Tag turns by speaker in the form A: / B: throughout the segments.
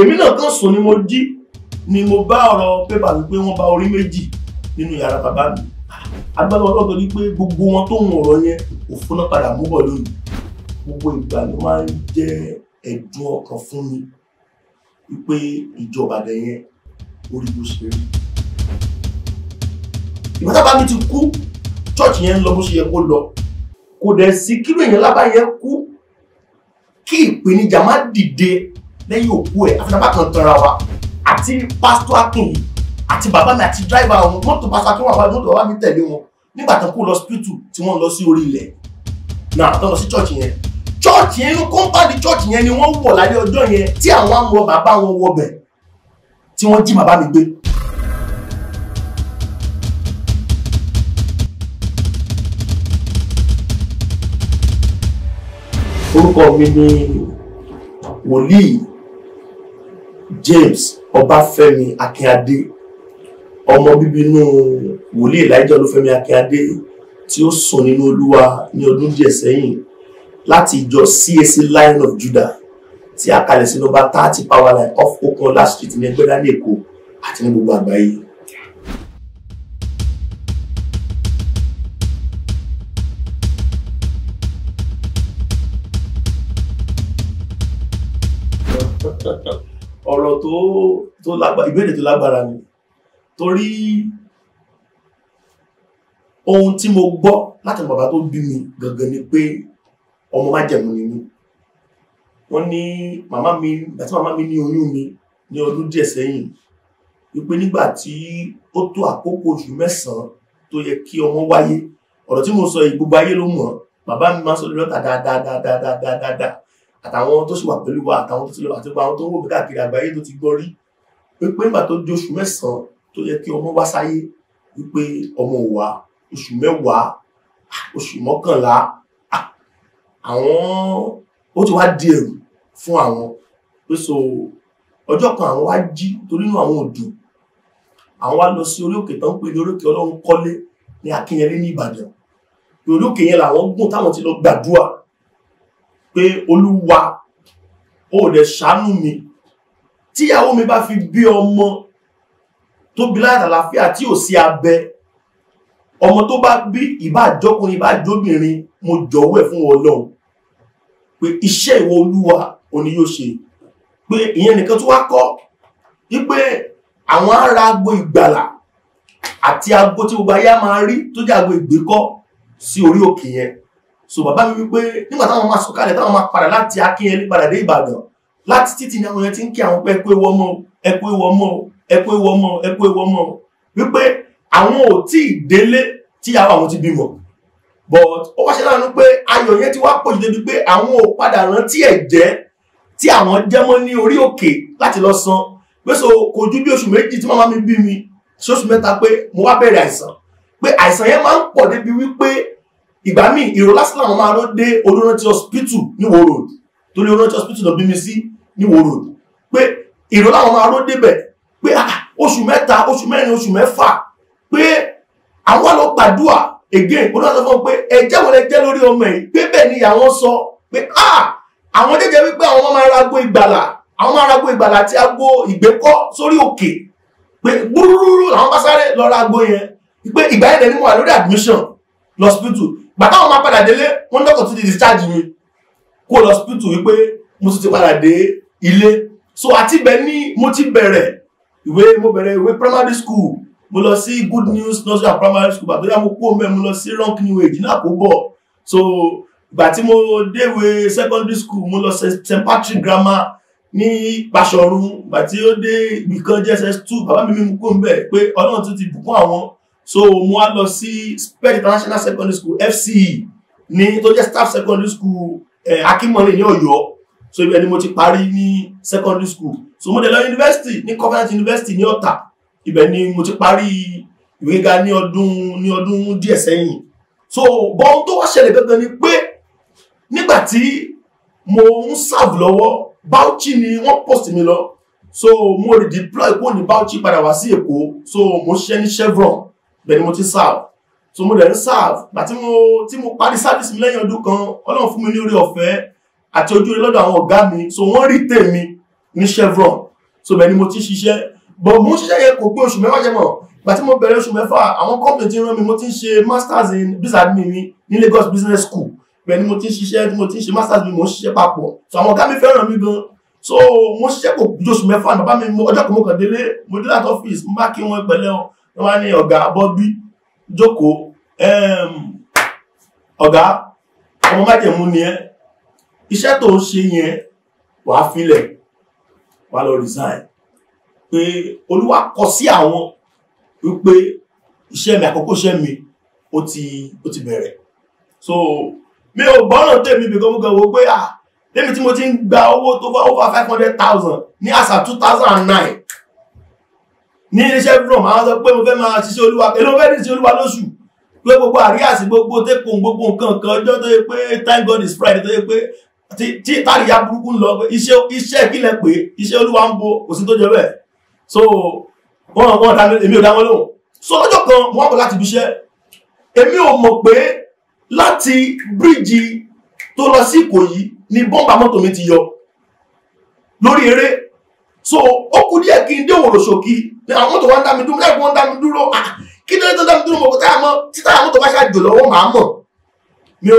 A: èmi náà kàn sùn ni mo jí ni mo bá ọ̀rọ̀ pépà wípé wọ́n bá orí méjì nínú yàrá bàbá mi agbára ọlọ́dọ̀ ni pé gbogbo wọn tó ń ọ̀rọ̀ yẹn òfin náà padà mú bọ̀ lónìí gbogbo ìgbà ló máa ń jẹ́ ẹ̀dùn ọkàn fún mi wípé ìjọba dẹ̀ yẹn orí bó ṣe rí ìgbà mi ti kú chọ́ọ̀chì yẹn ń lọ bó ṣe yẹ kó lọ kò dẹ̀ sí kírò èèyàn lábá yẹn kú kí ìpèníjà má dìde lẹ́yìn òkú ẹ̀ àfẹnàbà kan tanra wa àti pásítọ̀ akin yìí àti bàbá mi àti dráìvà wọn mọ́tò pásítọ̀ akin wà wá mọ́tò bàbá mi tẹ̀lé wọn nígbà tán kó lọ spiritu tí wọ́n lọ sí orí ilẹ̀ náà tán lọ sí chọ́ọ̀chì yẹn chọ́ọ̀chì yẹn inú kọ́ńpáàdì chọ́ọ̀chì yẹn ni wọ́n wọ̀ lálẹ́ ọjọ́ yẹn tí àwọn amọ̀ bàbá wọn wọbẹ̀ tí wọ́n jí bàbá mi gbé orúkọ mi ni wòlíì James Ọbáfẹ́mi Akínadé ọmọ bíbí inú wòlíì Elijah Olúfẹ́mi Akínadé tí ó sùn nínú Olúwa ní ọdún díẹ̀ sẹ́yìn láti ìjọ CAC Lion of Judah tí a kalẹ̀ sí nọ́mbà thirty power line off Okunola street ní Ẹgbẹ́dá ní Èkó àti ní gbogbo àgbáyé. Ha ha ọ̀rọ̀ tó tó lágbára ìbéèrè tó lágbára ni torí ohun tí mo gbọ́ láti bàbá tó bí mi gangan ni pé ọmọ májẹ̀mú ni mí wọ́n ní màmá mi ìgbà tí màmá mi ní oyún mi ní ọdún díẹ̀ sẹ́yìn wípé nígbà tí ó tó àkókò oṣù mẹ́sàn-án tó yẹ kí ọmọ wáyé ọ̀rọ̀ tí mo sọ yìí gbogbo ayé ló mọ̀ bàbá mi máa sọ lórí dáadáa dáadáa dáadáa àtàwọn tó sì wà pẹ̀lú wa àtàwọn tó ti lọ àti àwọn tó ń wò mí káàkiri àgbáyé tó ti gbọ́ rí wípé nígbà tó di oṣù mẹ́sàn-án tó yẹ kí ọmọ wá sáyé wípé ọmọ wa oṣù mẹ́wàá oṣù mọ́kànlá àwọn ó ti wá di ẹ̀rù fún àwọn pé so ọjọ́ kan àwọn wá jí torí inú àwọn òdùn àwọn wá lọ sí orí òkè tó ń pè ní orí òkè ọlọ́run kọ́lé ní akínyẹlé ní ìbàdàn orí òkè yẹn làwọn gùn táwọn ti lọ gbàdúrà pé olúwa ó dẹ̀ ṣàánú mi tíyàwó mi bá fi bí ọmọ tó bí láyà àlàáfíà tí ò sí abẹ ọmọ tó bá bí ìbá àjọkùnrin ìbá àjọbìnrin mo jọ̀wọ́ ẹ̀ fún ọlọ́run pé iṣẹ́ ìwọ olúwa òní yóò ṣe pé ìyẹn nìkan tó wá kọ́ wípé àwọn ará agbo ìgbàlà àti agbo tí gbogbo ayé máa rí tó jẹ́ agbo ìgbékọ́ sí orí òkè yẹn so bàbá mi wípé nígbà táwọn máa sọ̀kalẹ̀ táwọn máa padà láti akínyẹlé padà dé ìbàdàn láti títì ní àwọn yẹn ti ń kí àwọn pé ẹkú ewu ọmọ ẹkú ewu ọmọ ẹkú ewu ọmọ ẹkú ewu ọmọ wípé àwọn ò tí ì délé tí àwọn àwọn ti bímọ but ó wá ṣe láàánú pé ayọ̀ yẹn ti wá pọ̀ jù débi pé àwọn ò padà rántí ẹ̀jẹ̀ tí àwọn jẹ́mọ́ ní orí òkè láti lọ san pé so kò ju bí oṣù méjì tí màmá mi bí mi sóṣù mẹ́ta pé mo wá bẹ̀rẹ̀ àìsàn pé àìsàn yẹn máa ń pọ̀ débi wípé ìgbà míì ìró lásìlá wọn máa ló dé olórántí hospital níwò road torí olórántí hospital lọ bí mi sí níwò road pé ìró láwọn máa ló débẹ̀ pé ah, ah, oṣù mẹ́ta oṣù mẹ́rin oṣù mẹ́fà pé àwọn lọ gbàdúà again olóòtú sọ fún mi pé ẹ̀jẹ̀ wọlé jẹ́ lórí ọmọ yìí pé bẹ́ẹ̀ ni àwọn sọ pé ah, àwọn jẹjẹ wípé àwọn máa ra agbo ìgbàlà àwọn máa ra agbo ìgbàlà àti agbo ìgbékọ́ sórí òkè pé gbúrúrú làwọn bá sáré lọ ra agbo yẹn pé ìgbà yẹn lẹni mo wà lórí admission hospital bàtà wọn máa padà délé wọn dọ́kọ̀ tún ti discharge mi kó lọ hospital wípé mo tún ti padà dé ilé so àti ibẹ̀ ni mo ti bẹ̀rẹ̀ ìwé mo bẹ̀rẹ̀ ìwé primary school mo lọ sí good news nursery and primary school bàtà mo kú omi ẹ̀ mo lọ sí rank new age ní àkóbọ̀ so ìgbà tí mo déwe secondary school mo lọ st patrick grammar ní Bàṣọ̀run ìgbà tí ó dé ibìkan jss two bàbá mi mímú kó ń bẹ̀ pé ọlọ́run tún ti bùkún àwọn so mo wá lọ sí sped international secondary school fce ní tó jẹ́ staff secondary school eh, akimori ní ọ̀yọ́ so ibẹ̀ ni mo ti parí ní secondary school so mo dẹ̀ lọ university ní covenant university ní ọ̀tà ibẹ̀ ni mo ti parí ìwé gíga ní ọdún ní ọdún díẹ̀ sẹ́yìn so bọ́n tó wá ṣẹlẹ̀ gangan ni pé nígbà tí mo ń serve lọ́wọ́ Bauchi ni wọ́n post mi lọ so mo deploy kó ní Bauchi padà wá sí Èkó so mo ṣiṣẹ́ ní Chevron bẹ́ẹ̀ ni mo ti serve so mo dẹ̀ ń serve gbà tí mo tí mo parí service mi lẹ́yìn ọdún kan ọlọ́run fún mi ní orí ọ̀fẹ́ àti ojú rere lọ́dọ̀ àwọn ọ̀gá mi so wọ́n rí tèmi ní chevron so bẹ́ẹ̀ ni mo ti ṣiṣẹ́ bọ̀ mo ń ṣiṣẹ́ yẹn kò pé oṣù mẹ́fà jẹ́ mọ̀ gbà tí mo bẹ̀rẹ̀ oṣù mẹ́fà àwọn company ti rán mi mo ti ń ṣe masters in business admin mi ní Lagos business school bẹ́ẹ̀ ni mo ti ń ṣiṣẹ́ mo ti ń ṣe masters mi mo ń ṣiṣẹ́ papọ̀ so àwọn ọ̀gá mi fẹ́ràn mi gan so mo ṣiṣẹ́ kò ju oṣù mẹ́fà bàbá mi ọjọ́ kan mo kàn délé mo dé láti ọ́fíìsì mo bá kí wọn pẹ̀lẹ́ o wọ́n wá ní ọ̀gá bọ́bí jókòó ọ̀gá ọmọ májẹ̀mú ni ẹ́ iṣẹ́ tó ń ṣe yẹn wàá filẹ̀ wàá lọ resign pé olúwa kọ sí àwọn wípé iṣẹ́ mi àkókò iṣẹ́ mi ó ti bẹ̀rẹ̀ so mi ò gbọ́ràn tèmi bí gbọ́mùgbọ́n wo pé ah lẹ́mi tí mo ti ń gba owó tó bá over five hundred thousand ní àṣà two thousand and nine ní iléeṣẹ́ from àwọn sọ pé mo fẹ́ máa ṣiṣẹ́ olúwa èlò fẹ́ ṣiṣẹ́ olúwa lóṣù pé gbogbo àríyàsí gbogbo tẹ́kùn gbogbo nǹkan kan ọjọ́ tó yẹ pé thank God is Friday tó yẹ pé tí tàríyá burúkú ń lọ pé iṣẹ́ ìkílẹ̀ pé iṣẹ́ olúwa ń bo òsì tó jẹ bẹ́ẹ̀ so wọ́n wọ́n dá èmi ò dá lóhùn so lọ́jọ́ kan wọ́n kọ̀ láti ibiṣẹ́ èmi ò mọ̀ pé láti bíríìjì tó lọ sí Ìkòyí ni bọ́ǹbà mọ́tò mi ti yọ lórí eré so ó kù díẹ̀ kí n dé òwòrò ṣòkì ní àwọn mọ́tò wọn dá mi dúró lẹ́gbọ̀n wọn dá mi dúró ah, kí ló dé tó dá mi dúró mọ̀ kó táyà mọ́ tí táyà mọ́tò bá ṣáà jò lọ́wọ́ màá mọ̀ mi ò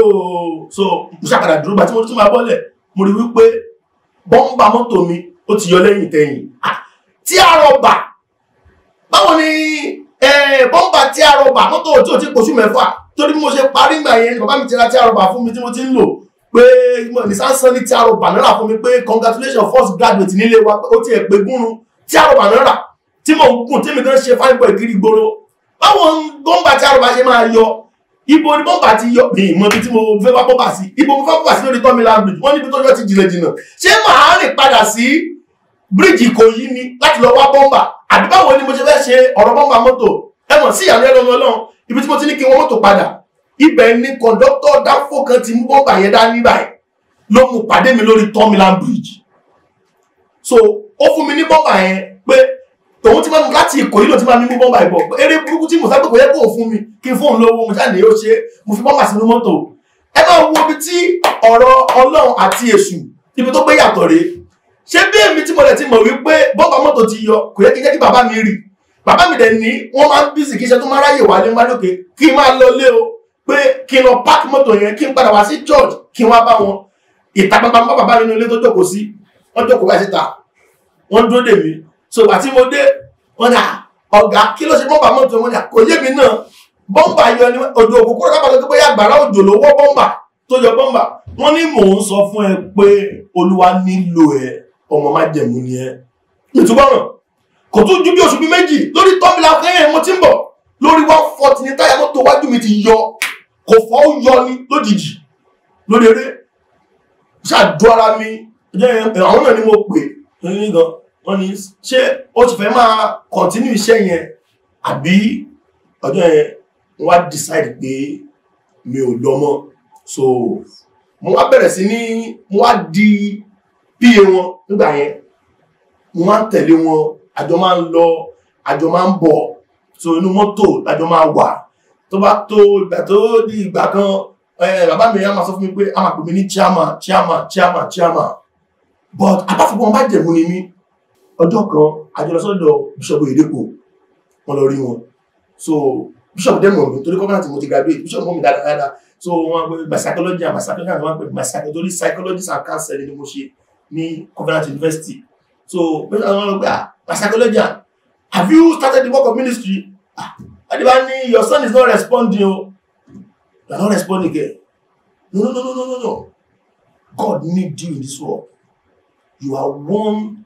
A: so mo ṣàkàdà dúró gbà tí mo tún máa bọ́lẹ̀ mo rí wípé bọ́m̀bà mọ́tò mi ó ti yọ lẹ́yìn tẹ̀yìn ah, tí a rọ̀bà báwo ni bọ́m̀bà tí a rọ̀bà mọ́tò tí ò ti pòṣù mẹ́fà torí mo ṣe parí ìgbà yẹn bàbá mi ti ra tí a rọ̀bà fún mi tí mo ti ń lò pé mọ̀nísà sàn ní tí arọ bànírà fún mi pé congratulation first graduate nílé wa ó ti ẹ̀ pé gúnrun tí arọ bànírà tí mò ń gùn tí mi kàn ṣe fine boy kiri gbòòrò báwọn bọ́ǹbà tí arọ bá ṣe máa yọ ibo ni bọ́ǹbà ti yọ mi ìmọ̀ ibi tí mo fẹ́ bá bọ́ǹbà sí ibo mo fẹ́ bọ́ǹbà sí lórí tọ́mi language wọ́n níbi tó yọ ti jìnnà jìnnà ṣé màá rìn padà sí bíríìjì Ìkòyí ni láti lọ wá bọ́ǹbà àbí báwo ni mo ṣe fẹ́ ṣe ọ̀rọ̀ bọ́ǹbà mọ́tò ẹ̀wọ̀n sí ìyàlẹ́ lọ́lọ́lọ́ ibi tí mo ti ní kí wọ́n mọ́tò padà ibẹ̀ ni kọ̀ńdọ́tọ̀ dáfó kan ti mú bọ́ọ̀bà yẹn dání báyìí ló mú pàdé mi lórí tọ́milan bridge so ó fún mi ní bọ́ọ̀bà yẹn pé tòun ti máa mú láti ìkòyí ló ti máa mímú bọ́ọ̀bà ìbọ̀ eré burúkú tí mo sábẹ́ kò yẹ kó fún mi kí n fóun lówó mo jáde yóò ṣe mo fi bọ́ọ̀bà sínú mọ́tò ẹ máa wo ibi tí ọ̀rọ̀ ọlọ́run àti èṣù ibi tó gbé yàtọ̀ rèé ṣé bí èmi tí mo lè ti mọ̀ wípé bọ́ọ̀bà mọ́tò ti yọ kò yẹ kí jẹ́ kí bàbá mi rí bàbá mi dẹ̀ ní wọ́n máa ń bísí kí iṣẹ́ tó máa ráyè wálé máa lókè kí n máa lọ lé o pé kí n lọ park mọ́tò yẹn kí n padà wá sí church kí n wá bá wọn ìta gbangba ń bá bàbá mi nínú ilé tó jókòó sí wọ́n jókòó báyìí síta wọ́n dúró dè mí so àti mo dé wọ́n ní ọ̀gá kí ló ṣe bọ́mbà mọ́tò wọn ní kò yé mi náà bọ́mbà yọ ni òjò òkú kúrò kápá lọ́gbẹ́ bóyá àgbàrá òjò ló wọ́ bọ́mbà tó yọ bọ́mbà wọ́n ní mò ń sọ fún ẹ pé olúwa nílò ẹ ọmọ má jẹ̀mú ni ẹ ìtúbọ̀ràn kò tún ju bí oṣù bíi méjì lórí tọ́mìlà kẹ́yìn mo ti ń bọ̀ lórí one forty ní táyà mọ́tò wájú mi ti yọ kò fọ́ ó yọ ni lójijì lórí eré ṣàdó ara mi àwọn náà ni mo pè ní gan wọ́n ní ṣé ó ti fẹ́ máa kọ̀tínú iṣẹ́ yẹn àbí ọjọ́ yẹn wọ́n decide pé mi ò lọ mọ́ so mo wá bẹ̀rẹ̀ sí ní mo wá di pa wọn nígbà yẹn mo máa ń tẹ̀lé wọn àjọ máa ń lọ àjọ máa ń bọ̀ so inú mọ́tò àjọ máa wà tó bá tó ìgbà tó di ìgbà kan bàbá mi á máa sọ fún mi pé á máa pè mí ní chairman chairman chairman chairman but àbáfọwọ́ wọn bá ni mí ọjọ́ kan àjọlọsọ́dọ̀ bíṣọ̀bù ìdẹ́kò wọn lọ rí wọn so Bishop, dẹ́mọ̀ mi torí kọ́mọ́nà tí mo ti graduate bíṣọ̀bù mọ́ mi dáadáa so wọn pe my psychology and my psychology and my psychology torí psychologist and counseling ni mo ṣe ní Covenant University so bíṣọ̀bù wọn lọ pé ah my psychology ah, have you started the work of ministry ah Adiba ni your son is not responding o you are not responding again no no no no no no no God need you in this world you are one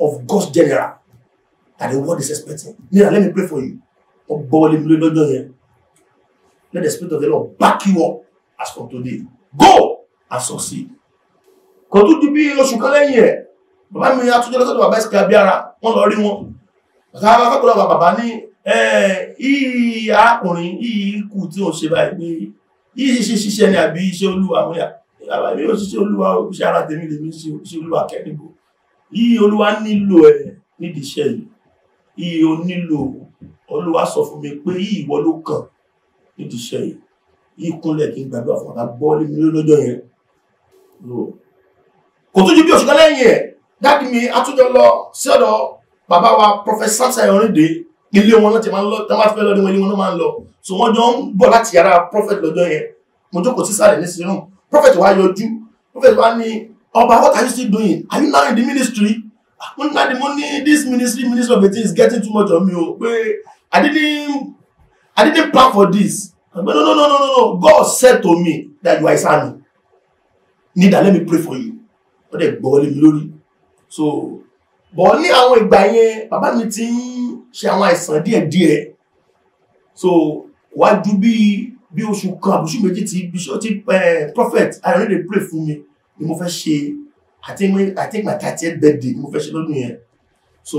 A: of God's general that the world is expecting Nina let me pray for you ọgbọ́wọlé mi lọ́jọ́ yẹn let the spirit of the Lord back you up as from today go and succeed kò tún di bí oṣù kan lẹ́yìn ẹ̀ bàbá mi atúnjẹ́ lọ́sọ̀tọ̀ bàbá ẹ̀sìnkà bí ara wọ́n lọ rí wọn bàbá akọ́kọ́ bàbá ní ìyí arákùnrin ìyí ikú tí ó ṣe báyìí pé yìí ṣe ṣiṣẹ́ ni àbí iṣẹ́ olúwa àwọn àbí ó ṣiṣẹ́ olúwa iṣẹ́ ara tèmi lèmi ṣe olúwa kẹ́nìbó yìí olúwa nílò ẹ̀ nídìí iṣẹ́ yìí yìí ó nílò olúwa sọ fún mi pé yìí ìwọ ló kàn nídìí iṣẹ́ yìí yìí kúnlẹ̀ kí n gbàdúrà fún ọ̀tá bọ́ lé mi lọ́jọ́ yẹn kò tó ju bí oṣù kan lẹ́yìn ẹ̀ dáàdì mi atúnjọ lọ sí ọ̀dọ̀ bàbá wa prọfẹsà Sayo Oríndé ilé wọn láti máa lọ tán bá fẹ́ lọ wọn máa lọ so wọ́n jọ ń bọ̀ láti yàrá prophet lọ́jọ́ yẹn mo jókòó sí sàlẹ̀ ní sinú prophet wa yọjú prophet wa ní ọba what are you still doing are you now in the ministry ah, mo ní láti mo ní this ministry ministry of eighteen is getting too much on me o pé i didn't i plan for this but no no no no no God said to me that you are his need that let me pray for you ó gbọ́ lé mi lórí so bọ̀ ní àwọn ìgbà yẹn bàbá mi ti ń ṣe àwọn àìsàn díẹ̀díẹ̀ so wájú bí bí oṣù kan àbúṣù méjì tí bishop ti prophet ayọ̀rẹ́dẹ̀ pray fún mi ni mo fẹ́ ṣe àti ìgbà tàti ẹ̀ bẹ́ẹ̀dẹ̀ ni mo fẹ́ ṣe lọ́dún yẹn so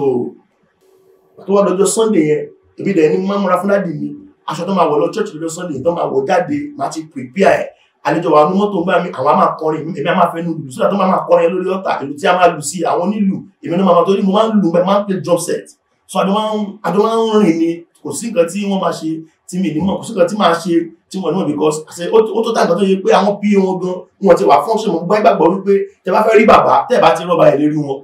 A: tó wá lọ́jọ́ sunday yẹn èmi dẹ̀ ní mọ́múra fúnádìí mi aṣọ tó máa wọ̀ lọ church lọ́jọ́ sunday tó máa wọ̀ jáde máa ti prepare àlejò wa mọ́tò gbá mi àwọn a máa kọrin èmi a máa fẹ́ nu lùlù sódà tó máa máa kọrin lórí ọ̀tà ìlú tí a máa lù sí àwọn onílù èmi náà máa torí mo máa ń lù bẹ́ẹ̀ máa ń play drum set so àjọ máa ń rìn ni kò sí nǹkan tí wọ́n máa ṣe tí mi nímọ̀ kò sí nǹkan tí máa ṣe tí wọ́n nímọ̀ because àṣẹ ó tó tàgbà tó yẹ pé àwọn pí wọn gan wọn ti wà function mọ́ gbọ́n ìgbàgbọ́ wípé tẹ bá fẹ́ rí bàbá tẹ bá ti rọ́bà ẹ̀ lérí wọn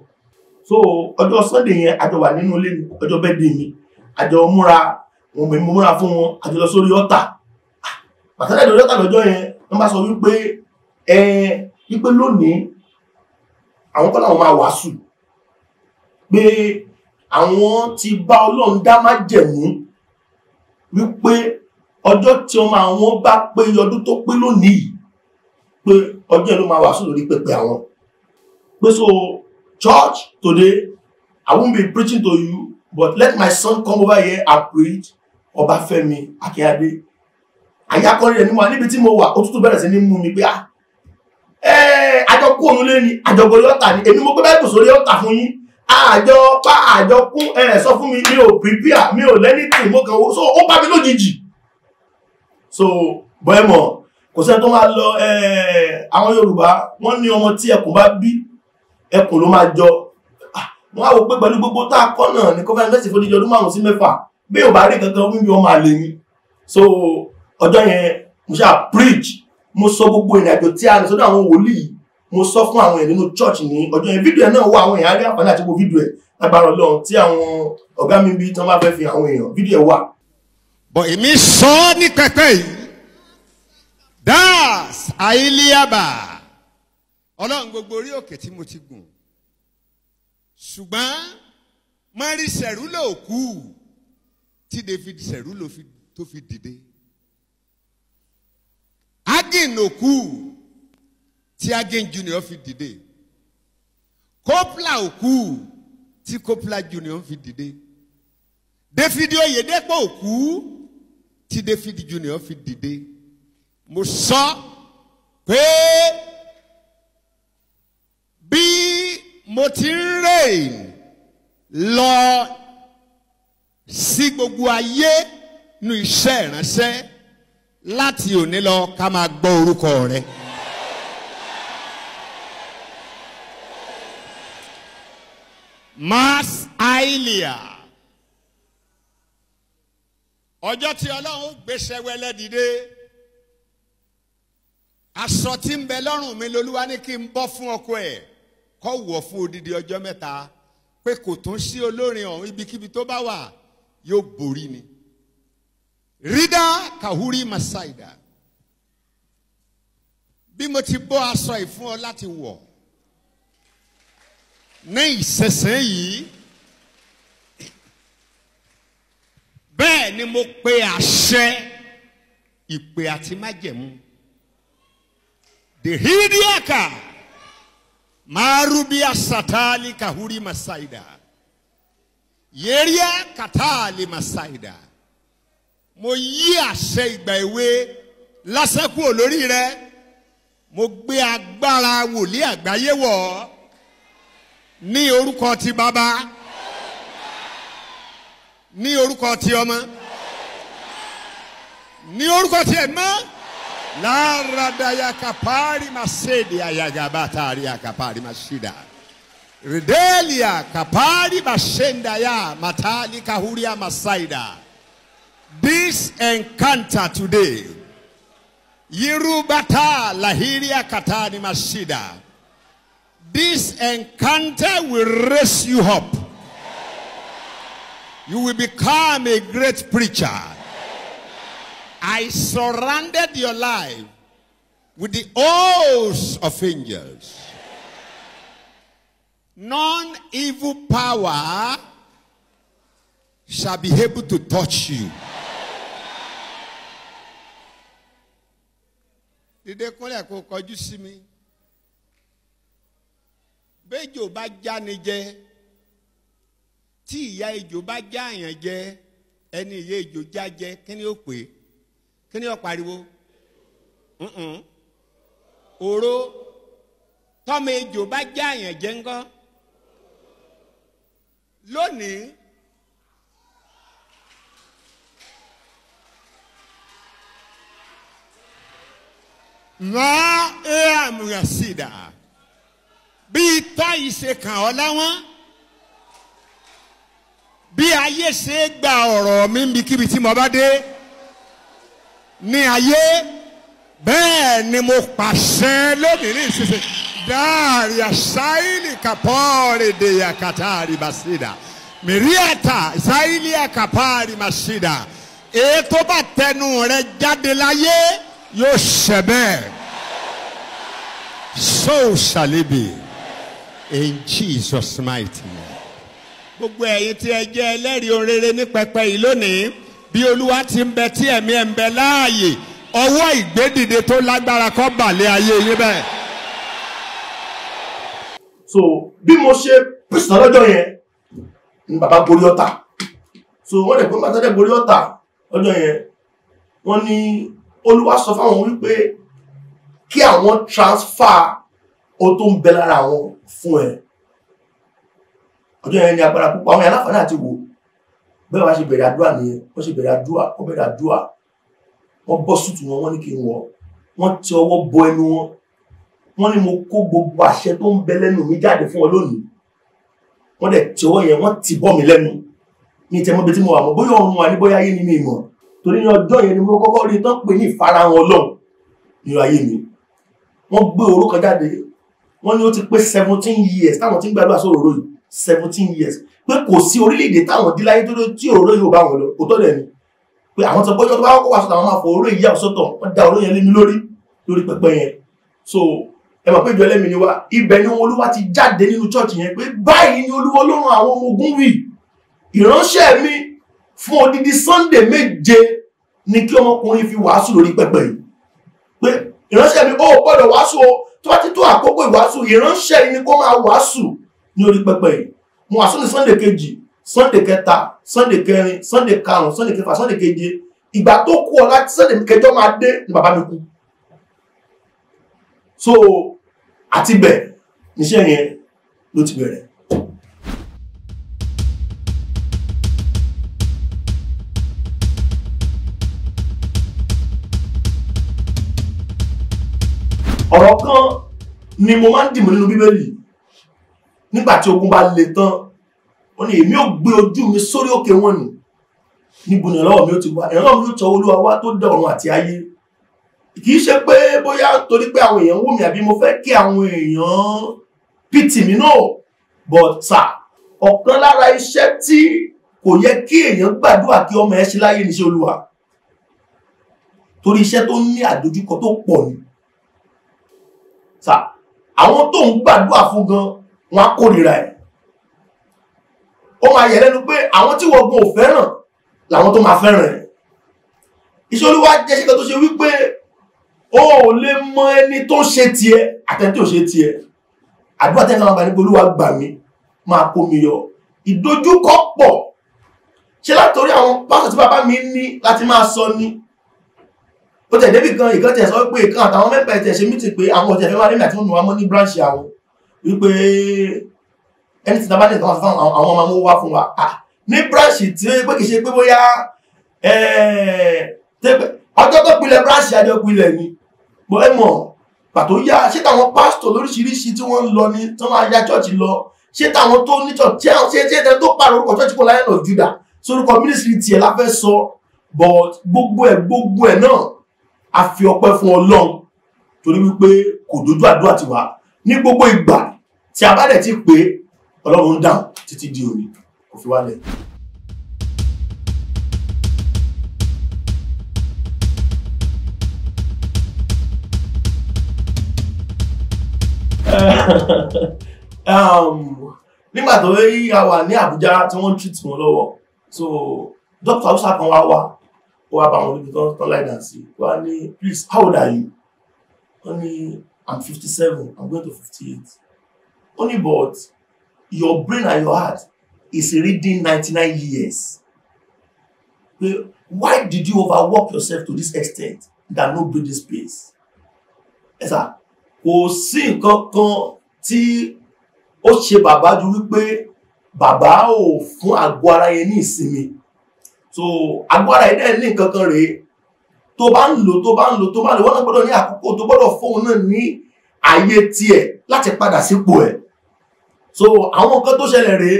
A: so ọjọ́ sunday yẹn àjọ wà nínú ilé mi ọjọ́ birthday mi àjọ múra wọn mọ̀ múra fún wọn àjọ lọ sórí ọ̀tà pàtàkì ah, àjọ ọ̀tà lọ́jọ́ yẹn wọ́n bá sọ wípé ẹ wípé lónìí àwọn kọ́ làwọn máa wàásù pé àwọn ti bá ọlọ́run dá májẹ̀mú wípé ọjọ́ tí ọmọ àwọn bá pé ọdún tó pé lónìí pé ọjọ́ ẹ̀ ló máa wàásù lórí pẹpẹ àwọn pé so church today I won't be preaching to you but let my son come over here and preach Ọbáfẹ́mi Akínyàdé àyákọ́rí rẹ̀ níwọ̀n níbi tí mo wà òtútù bẹ̀rẹ̀ sí ní mú mi pé ah, eh, àjọ kú òun lé ní àjọgbọ̀n yọ̀tà ni èmi mo gbé báyìí kò sórí yọ̀tà fún yín àjọ pa àjọ kún ẹ sọ fún mi mi ò prepare mi ò lẹ́ni tì mo kàn so ó bá mi lójijì so bọ́ẹ̀mọ̀ kò sẹ́ni tó máa lọ àwọn Yorùbá wọ́n ní ọmọ tí ẹkùn bá bí ẹkùn ló máa jọ wọ́n á wò pé pẹ̀lú gbogbo tá a kọ́ náà ní kọ́fẹ́ fún ìjọdún márùn-ún sí mẹ́fà bí ò bá rí kankan wíńbí ọmọ àlè yín so ọjọ́ yẹn mo ṣáà preach mo sọ gbogbo ìrìn àjò tí a rìn sọ́dọ̀ àwọn wòlíì mo sọ fún àwọn èèyàn nínú church ní ọjọ́ yẹn fídíò náà wà àwọn èèyàn á rí àpáná àti gbogbo fídíò ẹ̀ agbára ọlọ́run tí àwọn ọ̀gá mi bí tán bá fẹ́ fi àwọn èèyàn fídíò ẹ̀ wà.
B: bọ̀ èmi sọ ọ́ ní pẹpẹ yìí das àìlíyàbà ọlọ́run gbogbo orí òkè tí mo ti gùn ṣùgbọ́n mọ́rí sẹ̀rúlò kú tí David sẹ̀rúlò tó fi dìde. Agin òkú tí Agin junior fi dìde Kopla òkú tí Kopla junior fi dìde David Oyedepo òkú tí David junior fi dìde mo sọ pé bí mo ti ń rèé lọ sí gbogbo ayé nu iṣẹ́ ìránṣẹ́ láti òní lọ ká máa gbọ́ orúkọ rẹ. Mars Ailia ọjọ́ tí Ọlọ́run gbèsè wẹlẹ́ dìde aṣọ tí ń bẹ lọ́rùn mi lolúwa ní kí n bọ́ fún ọkọ ẹ̀ kọ́ wọ̀ fún odidi ọjọ́ mẹ́ta pé kò tún sí olórin ọ̀hún ibikíbi tó bá wà yóò borí ni. Rida Kahuri Masaida bí mo ti bọ́ aṣọ yìí fún ọ láti wọ̀ ní ìṣẹ̀ṣẹ̀ yìí bẹ́ẹ̀ ni mo pe àṣẹ ìpè àti májẹ̀mú dehidiaka marubia satali kahuri masaida yeria katali masaida mo yí àṣẹ ìgbà èwe lásán kúrò lórí rẹ mo gbé agbára wòlíì àgbáyé wọ̀ ọ́ ní orúkọ ti bàbá ní orúkọ ti ọmọ ní orúkọ ti ẹ̀mọ́ láradàyà kàpárí máa ṣèdè àyàgàbà tààrí àkàpárí máa ṣìdá rìdẹ́ẹ̀lì àkàpárí máa ṣèǹdàyà màtálíkà húríà máa ṣàìdá. This encounter today, Yirubata Lahiria Katani Mashida, this encounter will raise you up. You will become a great preacher. I surrounded your life with the oaths of angels. None evil power shall be able to touch you. dìde kúnlẹ̀ kó kọjú sí mi bẹ́jọ bá jáni jẹ tí ìyá ejò bá já àyàn jẹ ẹni ìyá ejò já jẹ kí ni ó pè é kí ó pariwo òró tọ́mọ ejò bá já àyàn jẹ ńkọ́ lónìí ma e amurasida bí tọ́ ìṣe kàn ọ́ láwọn bí ayé ṣe gba ọ̀rọ̀ mi níbikíbi tí mo bá dé ní ayé bẹ́ẹ̀ ni mo pàṣẹ lónìí ní ìṣiṣẹ́ dáàrí àṣàìlì kàpọ́ọ̀rì dèyà kàtà àrìbàṣìdà mìríàtà ìṣàìlì àkàpà àrìbàṣìdà èyí tó bá tẹnu rẹ jáde láyé yóò ṣẹ bẹ́ẹ̀ so shall it be in Jesus mighty name. gbogbo ẹ̀yin tí ẹ jẹ́ ẹlẹ́rìí oréré ní pẹpẹ yìí lónìí bí olúwa ti ń bẹ tí ẹ̀mí ẹ̀ ń bẹ láàyè ọwọ́ ìgbédìde tó lágbára kó balẹ̀ ayé yín bẹ́ẹ̀. so bí mo ṣe
A: pèsè lọ́jọ́ yẹn ni bàbá borí ọ̀tá so wọ́n lè pé bàtà dẹ̀ borí ọ̀tá lọ́jọ́ yẹn wọ́n ní olúwa sọ fáwọn wípé kí àwọn transfer o tó ń bẹ lára àwọn fún ẹ ọjọ́ yẹn ni agbára púpọ̀ àwọn aláfààní àti wò bẹ́ẹ̀ wá ṣe bẹ̀rẹ̀ àdúrà nìyẹn wọ́n ṣe bẹ̀rẹ̀ àdúrà wọ́n bẹ̀rẹ̀ àdúrà wọ́n bọ́ sùtù wọn wọ́n ní kí n wọ̀ wọ́n ti ọwọ́ bọ ẹnu wọn wọ́n ní mo kó gbogbo àṣẹ tó ń bẹ lẹ́nu mi jáde fún wọn lónìí wọ́n dẹ̀ ti ọwọ́ yẹn wọ́n ti bọ́ mi lẹ́nu ní ìtẹ́mọ́bí tí mo wà mọ́ bóyá ọ̀run wà ní bóyá ayé ni mi mọ̀ torí ní ọjọ́ yẹn ni mo kọ́kọ́ rí tán pé ní ìfarahàn ọlọ́run nínú ayé mi wọ́n gbé orúkọ jáde wọ́n ní ó ti pé seventeen years táwọn ti ń gbàdúrà sí òróró yìí seventeen years pé kò sí orílẹ̀-èdè táwọn dí láyé tó tí òróró yìí ò bá wọn lọ òótọ́ dẹ̀ ni pé àwọn ti gbọ́jọ́ tó bá kó wá sọ́tọ̀ àwọn máa fọ òróró yìí yà sọ́tọ̀ wọ́n da òróró yẹn lé mi lórí lórí pẹpẹ yẹn so ẹ mọ̀ pé ìjọ ẹlẹ́mìí ni wá ibẹ̀ ni olúwa ti jáde nínú chọ́ọ̀chì yẹn pé báyìí ni olúwa ọlọ́run àwọn ọmọ ogun wì ìránṣẹ́ mi fún odidi sunday méje ni kí ọmọkùnrin fi wàásù lórí pẹpẹ yìí ìránṣẹ́ mi ó gbọ́dọ̀ wàásù o tó bá ti tó àkókò ìwàásù ìránṣẹ́ ni kó máa wàásù ní orí pẹpẹ yìí mo wàásù ní sunday kejì sunday kẹta sunday kẹrin sunday karùn sunday kẹfà sunday keje ìgbà tó kú ọ láti sunday kẹjọ máa dé ni bàbá mi kú so àti bẹ̀ níṣẹ́ yẹn ló ti bẹ̀rẹ̀ ọ̀rọ̀ kan ni mo máa ń dìmọ̀ nínú bíbélì nígbà tí ogun bá le tán ó ní èmi ò gbé ojú mi sórí òkè wọn nù níbo ni ìrànlọ́wọ́ mi ó ti wá ìrànlọ́wọ́ mi ó tọ olúwa wá tó dá ọ̀run àti ayé kì í ṣe pé bóyá torí pé àwọn èèyàn wù mí àbí mo fẹ́ kí àwọn èèyàn pìtì mí náà but sir ọ̀kan lára iṣẹ́ tí kò yẹ kí èèyàn gbàdúrà kí ọmọ ẹ ṣe láyé níṣẹ́ olúwa torí iṣẹ́ tó ní àdójúkọ tó pọ̀ ni àwọn tó ń gbàdúrà fún gan wọn á kórìíra ẹ̀ ó máa yẹ lẹ́nu pé àwọn tí wọ́n gun ò fẹ́ràn làwọn tó máa fẹ́ràn ẹ̀ iṣẹ́ olúwa jẹ́ ṣe kan tó ṣe wípé o ò lè mọ ẹni tó ń ṣe tiẹ̀ àtẹ̀tí ò ṣe tiẹ̀ àdúrà tẹ́lẹ̀ máa bá nípa olúwa gbà mí máa kó mi yọ ìdojúkọ pọ̀ ṣe látòrí àwọn pásítọ̀ tí bàbá mi ní láti máa sọ ni ó tẹ̀ débì kan ìkan tẹ̀ sọ pé ìkan àtàwọn mẹ́pẹ̀ tẹ̀ ṣe mítì pé àwọn ọ̀tẹ̀ fẹ́ wá nígbà tí wọ́n nù wá mọ́ ní branch àwọn wípé ẹni tí tábà nìkan fún àwọn ọmọ mú wá fún wa ní branch tí ó pé kì í ṣe pé bóyá ọjọ́ tó pilẹ̀ branch àjọ pilẹ̀ ni bó ẹ mọ̀ pàtó yá ṣé táwọn pásítọ̀ lóríṣiríṣi tí wọ́n ń lọ ní tí wọ́n á yá chọ́ọ̀chì lọ ṣé táwọn tó ní chọ́ọ̀chì ṣé ṣé ẹni tó pàrọ̀ orúkọ chọ́ọ̀chì kó láyé náà Júdà sórúkọ mínísírì tiẹ̀ la fẹ́ sọ but gbogbo ẹ̀ gbogbo a fi ọpẹ́ fún Ọlọ́run torí wípé kò dojú àdúrà tiwa ní gbogbo ìgbà tí a bá dẹ̀ ti pé Ọlọ́run ń dáhùn títí di òní kò fi wálẹ̀. Um, nígbà tó rí a wà ní Àbújá tí wọ́n ń treat wọn lọ́wọ́ so dókítà Hausa kan wá wá ó wá bá wọn níbi tán tán láì dànsí wá ní please how old are you wọ́n ní i'm fifty seven i'm going to fifty eight ó ní but your brain and your heart is reading ninety nine years pé why did you overwork yourself to this extent that no breathing space ẹ sà kò sí nǹkan kan tí ó ṣe bàbá ju wípé bàbá ò fún àgọ́ ara yẹn ní ìsinmi so agbára ẹ̀ náà ní nǹkan kan rèé tó bá ń lò tó bá ń lò tó bá ń lò wọ́n náà gbọ́dọ̀ ní àkókò tó gbọ́dọ̀ fóun náà ní ààyè tiẹ̀ láti padà sípò ẹ̀ so àwọn nǹkan tó ṣẹlẹ̀ rèé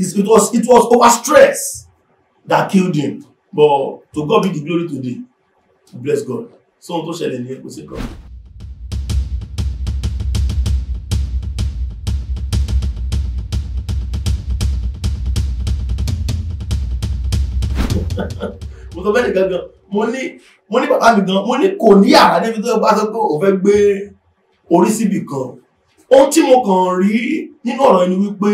A: it was it was over stress that killed him but to God be the glory today bless God so ohun tó ṣẹlẹ̀ ní ẹ̀ kò sí kan. mo sọ bẹ́ẹ̀ gangan mo ní mo ní bàbá mi gan mo ní kò ní yàrá débi tó bá sọ pé òun fẹ́ gbé orí síbì kan ohun tí mo kàn rí nínú ọ̀rọ̀ ẹni wípé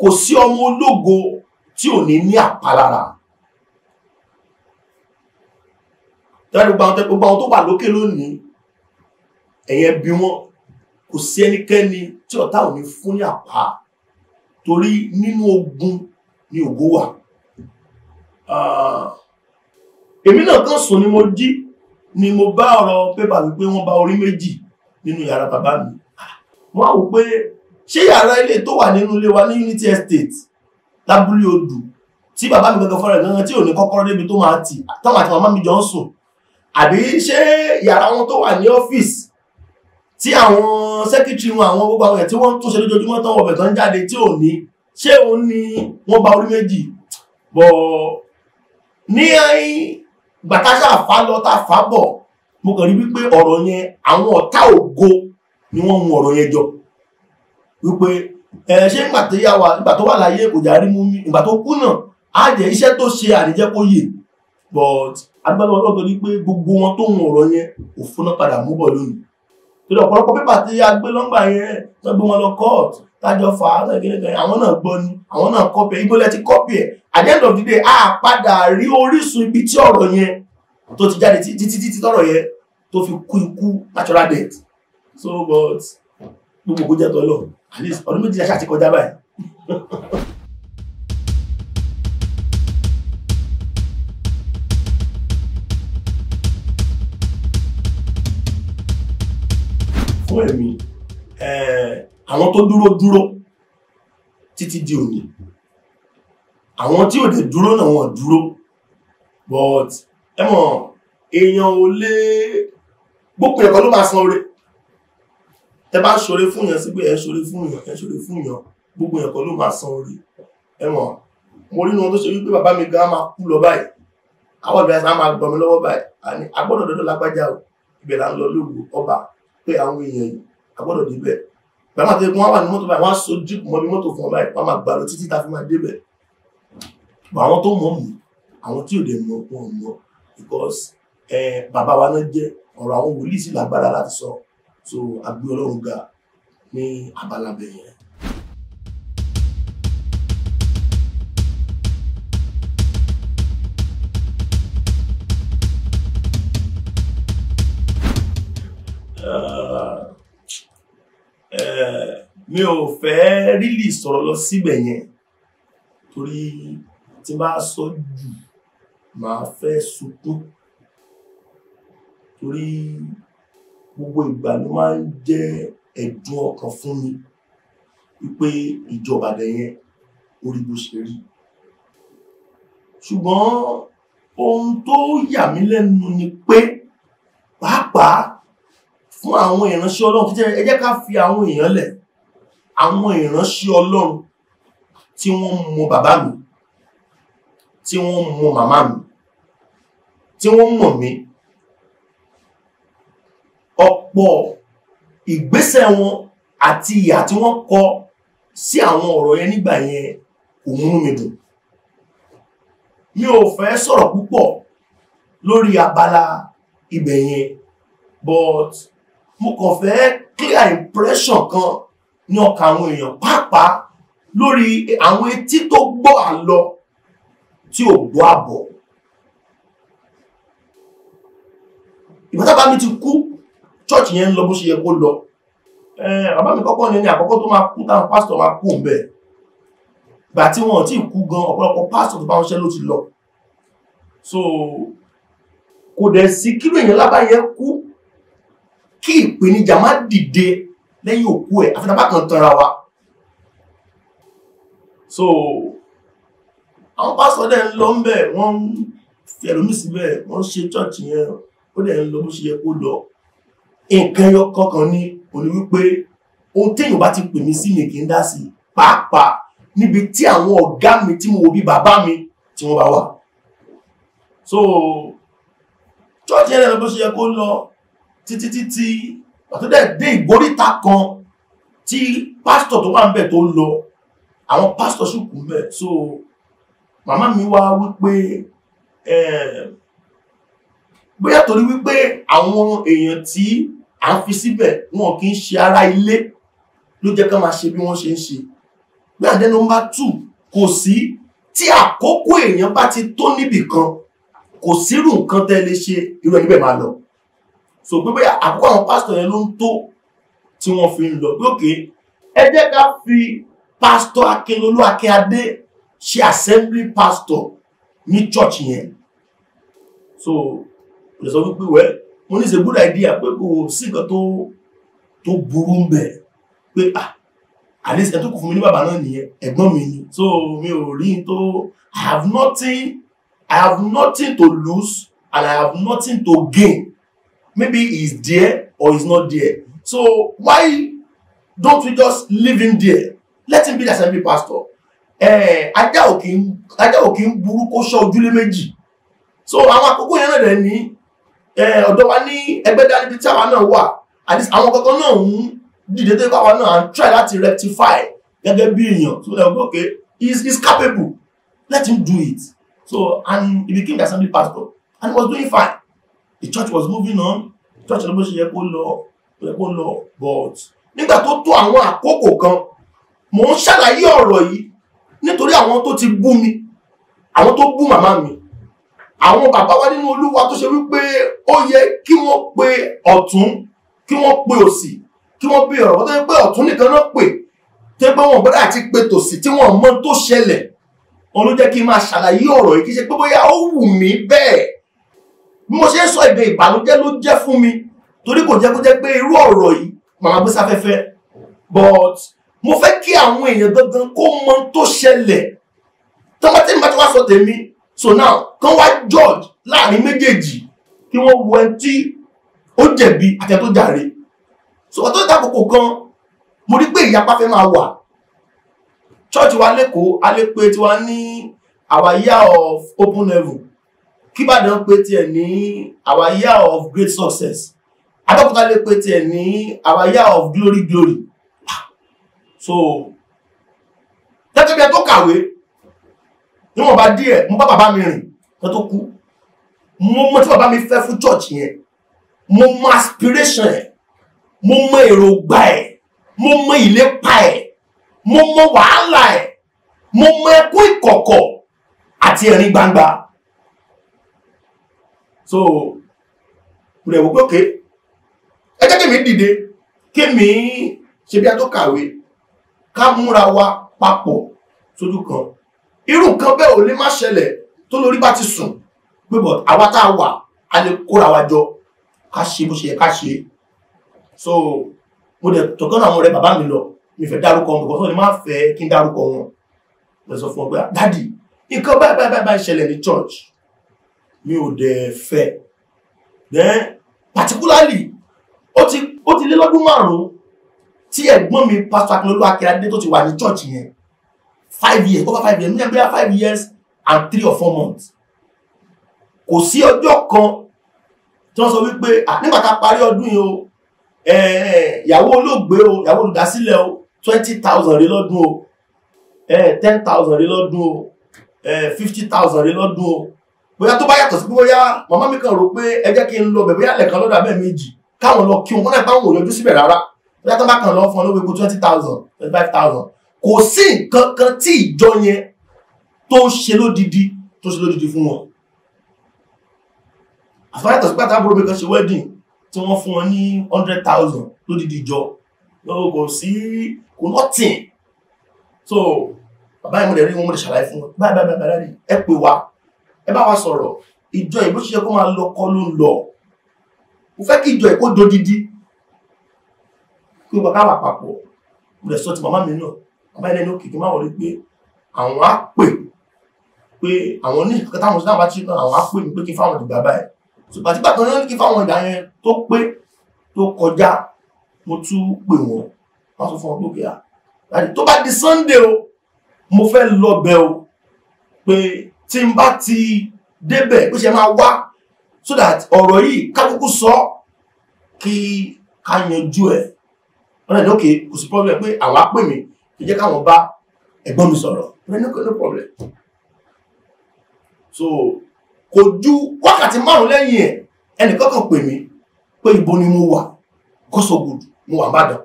A: kò sí ọmọ ológo tí ò ní ní àpalára tẹ́lẹ̀ gbogbo àwọn tó wà lókè lónìí ẹ̀yẹ bí wọn kò sí ẹnikẹ́ni tí ọ̀tá ò ní fún ní àpá torí nínú ogun ni ògo wà. Ah, èmi náà kàn sùn ni mo jí ni mo bá ọ̀rọ̀ pépà wípé wọ́n bá orí méjì nínú yàrá bàbá mi wọ́n wò pé ṣé yàrá ilé tó wà nínú ilé wa ní Unity Estate lábúlé odù tí bàbá mi gbẹgbẹ fọlẹ gangan tí ò ní kọ́kọ́rọ́ débi tó máa tì táwọn àti màmá mi jọ ń sùn àbí ṣé yàrá wọn tó wà ní ọ́fíìsì tí àwọn sẹ́kítírì wọn àwọn gbogbo àwọn ẹ̀ tí wọ́n ń túnṣe lójoojúmọ́ tán wọ̀bẹ̀ tán jáde tí ò ní ṣé òun ni wọ́n bá orí méjì bọ́ọ̀ ní gbàtàṣà fà lọ tá kàn rí wípé ọ̀rọ̀ yẹn àwọn ọ̀tá ògo ni wọ́n mú ọ̀rọ̀ yẹn jọ wípé ẹ ṣé nígbà tó yá wa nígbà tó wà láyé kò járí mú mi nígbà tó kú náà á jẹ iṣẹ́ tó ṣe àníjẹ́ kó yè but agbábọ̀ ọlọ́dọ̀ ní pé gbogbo wọn tó ń ọ̀rọ̀ yẹn òfin náà padà mú bọ̀ lónìí torí ọ̀pọ̀lọpọ̀ pépà tí a gbé lọ́ngbà yẹn tó gbé wọn lọ kóòtù tájọ fà á lẹ́gẹ́lẹ́gẹ́ àwọn náà gbọ́ ni àwọn náà kọ́pì ẹ̀ ibo lẹ ti kọ́pì ẹ̀ at the end of the day a padà rí orísun ibi tí ọ̀rọ̀ yẹn tó ti jáde títí títí yẹn tó fi kú ikú natural death so but gbogbo kó jẹ́ tọ́lọ̀ at least ọdún méjìlá ṣáà ti kọjá báyìí. fún ẹ̀mí eh, àwọn tó dúró dúró títí di òní àwọn tí ò dẹ̀ dúró náà wọ́n dúró but ẹ mọ̀ èèyàn ò lè gbókùn ẹ̀kọ́ ló máa san oore ẹ bá ṣoore fún yàn sí pé ẹ ṣoore fún yàn ẹ ṣoore fún yàn gbókùn ẹ̀kọ́ ló máa san oore ẹ mo rí wọn tó ṣe wípé bàbá mi gan máa kú lọ báyìí àwọn ìgbà sáà máa gbọmí lọ́wọ́ báyìí àní agbọ́dọ̀ dọ́dọ̀ lágbájá o ibẹ̀ là ń lọ lóru ọba pé àwọn èèyàn yìí agbọ́dọ̀ débẹ̀ bàbá àti ẹgbẹ́ wọn wà ní mọ́tò báyìí wọ́n á so jíìpù mọ́ bí mọ́tò fún ọ báyìí wọ́n máa gbà lọ títí tá a fi máa débẹ̀ but àwọn tó mọ̀ mọ̀ àwọn tí ò dẹ̀ mọ̀ wọn mọ̀ because ẹ bàbá wa náà jẹ́ ọ̀rọ̀ àwọn wòlíì sì lágbára láti sọ so agbé ọlọ́run ga ní abala bẹ̀yẹn. mi ò fẹ́ rílì sọ̀rọ̀ lọ síbẹ̀ yẹn torí tí bá sọ jù màá fẹ́ sunkún torí gbogbo ìgbà ló máa ń jẹ́ ẹ̀dùn ọkàn fún mi wípé ìjọba dẹ̀yẹn orí bó ṣe rí ṣùgbọ́n ohun tó yà mí lẹ́nu ni pé pàápàá fún àwọn ìránṣẹ́ ọlọ́run kí ẹ jẹ́ ká fi àwọn èèyàn lẹ̀ àwọn ìránṣẹ́ ọlọ́run tí wọ́n mọ bàbá mi tí wọ́n mọ màmá mi tí wọ́n mọ̀ mí ọ̀pọ̀ ìgbésẹ̀ wọn àti ìyà tí wọ́n kọ sí àwọn ọ̀rọ̀ yẹn nígbà yẹn kò múnú mi dùn mi ò fẹ́ sọ̀rọ̀ púpọ̀ lórí abala ibẹ̀ yẹn but mo kàn fẹ́ clear impression kan ní ọkàn àwọn èèyàn pàápàá lórí àwọn etí tó gbọ́ àlọ́ tí ò gbọ́ àbọ̀ ìgbà tábà mi ti kú church yẹn ń lọ bó ṣe yẹ kó lọ bàbá mi kọ́kọ́ ní ní àkọ́kọ́ tó máa kú táwọn pásítọ̀ máa kú bẹ́ẹ̀ gbà tí wọn ò tí ì kú gan ọ̀pọ̀lọpọ̀ pásítọ̀ tó bá wọn ṣẹ́ ló ti lọ so kò dẹ̀ sí kílò èèyàn lábáyẹ kú kí ìpèníjà má dìde lẹ́yìn òkú ẹ̀ àfẹnabá kan tanra wa so àwọn pásítọ̀ dẹ̀ ń lọ ń bẹ̀ wọ́n ń fẹ̀rùmí síbẹ̀ wọ́n ṣe chọ́ọ̀chì yẹn ó dẹ̀ ń lọ bó ṣe yẹ kó lọ nǹkan yọ kọkàn ní òní wípé ohun téèyàn bá ti pè mí sí mi kì í dá sí pàápàá níbi tí àwọn ọ̀gá mi tí mo wo bí bàbá mi tí wọ́n bá wà so chọ́ọ̀chì yẹn lọ bó ṣe yẹ kó lọ títí títí àti dẹ̀ dé ìgbóríta kan tí pásítọ̀ tó wà ń bẹ̀ tó lọ àwọn pásítọ̀ ṣùkú ń bẹ̀ so màmá mi wá wípé bóyá torí wípé àwọn èèyàn tí à ń fi síbẹ̀ wọn kì í ṣe ará ilé ló jẹ́ ká máa ṣe bí wọ́n ṣe ń ṣe pé àdé nọ́mbà two kò sí tí àkókò èèyàn bá ti tó níbì kan kò sírù nǹkan tẹ́ lè ṣe irú ẹni bẹ́ẹ̀ máa lọ so pé bóyá àkókò àwọn pásítọ̀ yẹn ló ń tó tí wọ́n fi ń lọ pé òkè ẹ jẹ́ ká fi pásítọ̀ Akínlolú Akínadé ṣe assembly pastor ní church yẹn so lè sọ fún pé wẹ́ mo ní ṣe good idea pé kò sí nǹkan tó tó burú ń bẹ̀ pé ah at least ẹ tó kù fún mi ní bàbá náà nìyẹn ẹ̀gbọ́n mi ni so mi ò rí tó i have nothing i have nothing to lose and i have nothing to gain maybe he is there or he is not there so why don't we just leave him there let him be the assembly pastor ajá ò kí ń burú kó ṣọ́ ojúlé méjì so àwọn àkókò yẹn náà dẹ̀ ní ọ̀dọ́ wa ní ẹgbẹ́dá níbi tí àwa náà wà àwọn kankan náà ń dìde tó bá wa náà à ń try láti rectify gẹ́gẹ́ bí èèyàn so ẹ̀ ok he is, he is capable let him do it so and he became the assembly pastor and he was doing fine the church was moving on the church ló bó ṣe yẹ kó lọ yẹ kó lọ but nígbà tó tó àwọn àkókò kan mò ń ṣàlàyé ọ̀rọ̀ yìí nítorí àwọn tó ti bú mi àwọn tó bú màmá mi àwọn bàbá wa nínú olúwa tó ṣe wípé ó yẹ kí wọ́n pe ọ̀tún kí wọ́n pe òsì kí wọ́n pe ọ̀rọ̀ tó yẹ pé ọ̀tún nìkan náà pè tó yẹ pé wọ́n gbọ́dọ̀ àti pe tòsì tí wọ́n mọ tó ṣẹlẹ̀ òun ló jẹ́ kí n máa ṣàlàyé ọ̀rọ̀ yìí kì í ṣe pé bóyá ó wù mí bẹ́ẹ̀ bí mo ṣe ń sọ èdè ìbànújẹ́ ló jẹ́ fún mi torí kò jẹ́ kó jẹ́ pé irú ọ̀rọ̀ yìí màmá gbé sáfẹ́fẹ́ but mo fẹ́ kí àwọn èèyàn gangan kó mọ tó ṣẹlẹ̀ tọ́mọtí mi bá ti wá sọ tèmi so now kán wá judge láàrin méjèèjì kí wọ́n wo ẹni tí ó jẹ̀bi àti ẹni tó jàre sọ̀rọ̀ tó dàkókò kan mo rí pé ìyapa fẹ́ máa wà church wa lẹ́kọ̀ọ́ a lè pe tiwa ní our year of open level kíbàdàn pe tiẹ̀ ní our year of great success abẹ́òkúta lè pe tiẹ̀ ní our year of glory glory so tẹ́tẹ́bíyẹ tó kàwé níwọ̀n bá díẹ̀ mo bá bàbá mi rìn kan tó kú mo mọ tí bàbá mi fẹ́ fún church yẹn mo mọ aspiration ẹ̀ mo mọ èròǹgbà ẹ̀ mo mọ ìlépa ẹ̀ mo mọ wàhálà ẹ̀ mo mọ ẹkún ìkọ̀kọ̀ àti ẹ̀rín gbangba so rẹ̀ wò pé òkè ẹ jẹ́ kí mi dìde kí mi ṣe bí a tó kàwé ká múra wa papọ̀ sójú kan irú nǹkan bẹ́ẹ̀ ò lè má ṣẹlẹ̀ tó lórí bá ti sùn gbébọ̀ àwa tá a wà a lè kóra wa jọ ká ṣe bó ṣe yẹ ká ṣe so mo dẹ̀ tọ̀kọ́ náà àwọn ọ̀rẹ́ bàbá mi lọ mi fẹ́ dárúkọ wọn bọ̀kọ́ ni má fẹ́ kí n dárúkọ wọn mo sọ fún ọ pé dádì nǹkan báyìí báyìí báyìí ṣẹlẹ̀ ní church mi ò dẹ̀ fẹ́ then particularly ó ti lé lọ́dún márùn-ún tí ẹ̀gbọ́n mi pásítọ̀ akínolú akínadé tó ti wà ní church. yẹn five years over five years ní ẹgbẹ́ five years and three or four months kò sí ọjọ́ kan tí wọ́n sọ wípé nígbà tá a parí ọdún yìí o ìyàwó olóògbé o ìyàwó olùdásílẹ̀ o twenty thousand rẹ lọ́dún o ten thousand rẹ lọ́dún o fifty thousand rẹ lọ́dún o bóyá tó bá yàtọ̀ sí bóyá màmá mi kàn rò pé ẹ jẹ́ kí n lọ bẹ̀ bóyá lẹ̀kan lọ́dọ̀ abẹ́ méjì káwọn lọ kí wọn náà báwọn ò yọjú síbẹ̀ rárá bóyá tó bá kàn lọ́ọ́ fún ọ lówó twenty thousand twenty five thousand kò sí nǹkan kan tí ìjọ yẹn tó ń ṣe lódidi tó ṣe lódidi fún wọn àfọwọ́yàtọ̀ sí pátá burúkú kan ṣe wedding tí wọ́n fún wọn ní hundred thousand lódidi ìjọ lọ́wọ́ kò sí kò nothing so bàbá yìí mo lè rí wọn mo lè ṣàlàyé fún wọn báyìí báyìí báyìí ẹ pè wá ẹ bá wa sọ̀rọ̀ ìjọ ìbó ṣiṣẹ́ kó máa lọ kọ́ ló ń lọ mo fẹ́ kí ìjọ ìkó dodidi pé bàbá wà papọ̀ mo lè sọ ti màmá mi náà bàbá ilẹ̀ ní òkè kí n má wọlé pé àwọn á pè pé àwọn ní ìkọ̀kọ̀ táwọn sí láwọn ti náà àwọn á pè mí pé kí fáwọn ìgbà báyìí tó pé tó kọjá mo tún pè wọ́n wọ́n sọ fún wọn pé àti tó bá di Sunday o mo fẹ́ lọ bẹ̀ o pé tí n bá ti débẹ̀ bó ṣe máa wá so that ọ̀rọ̀ yìí kákúkú sọ kí ká yanjú ẹ̀ wọ́n náà kò sí problem pé àwa pè mí kí jẹ́ káwọn bá ẹ̀gbọ́n mi sọ̀rọ̀ wọ́n náà ní problem so kò ju wákàtí márùn lẹ́yìn ẹ̀ ẹnìkan kan pè mí pé ibo ni mo wà gọ́sọ̀gùd mo wà bàdàn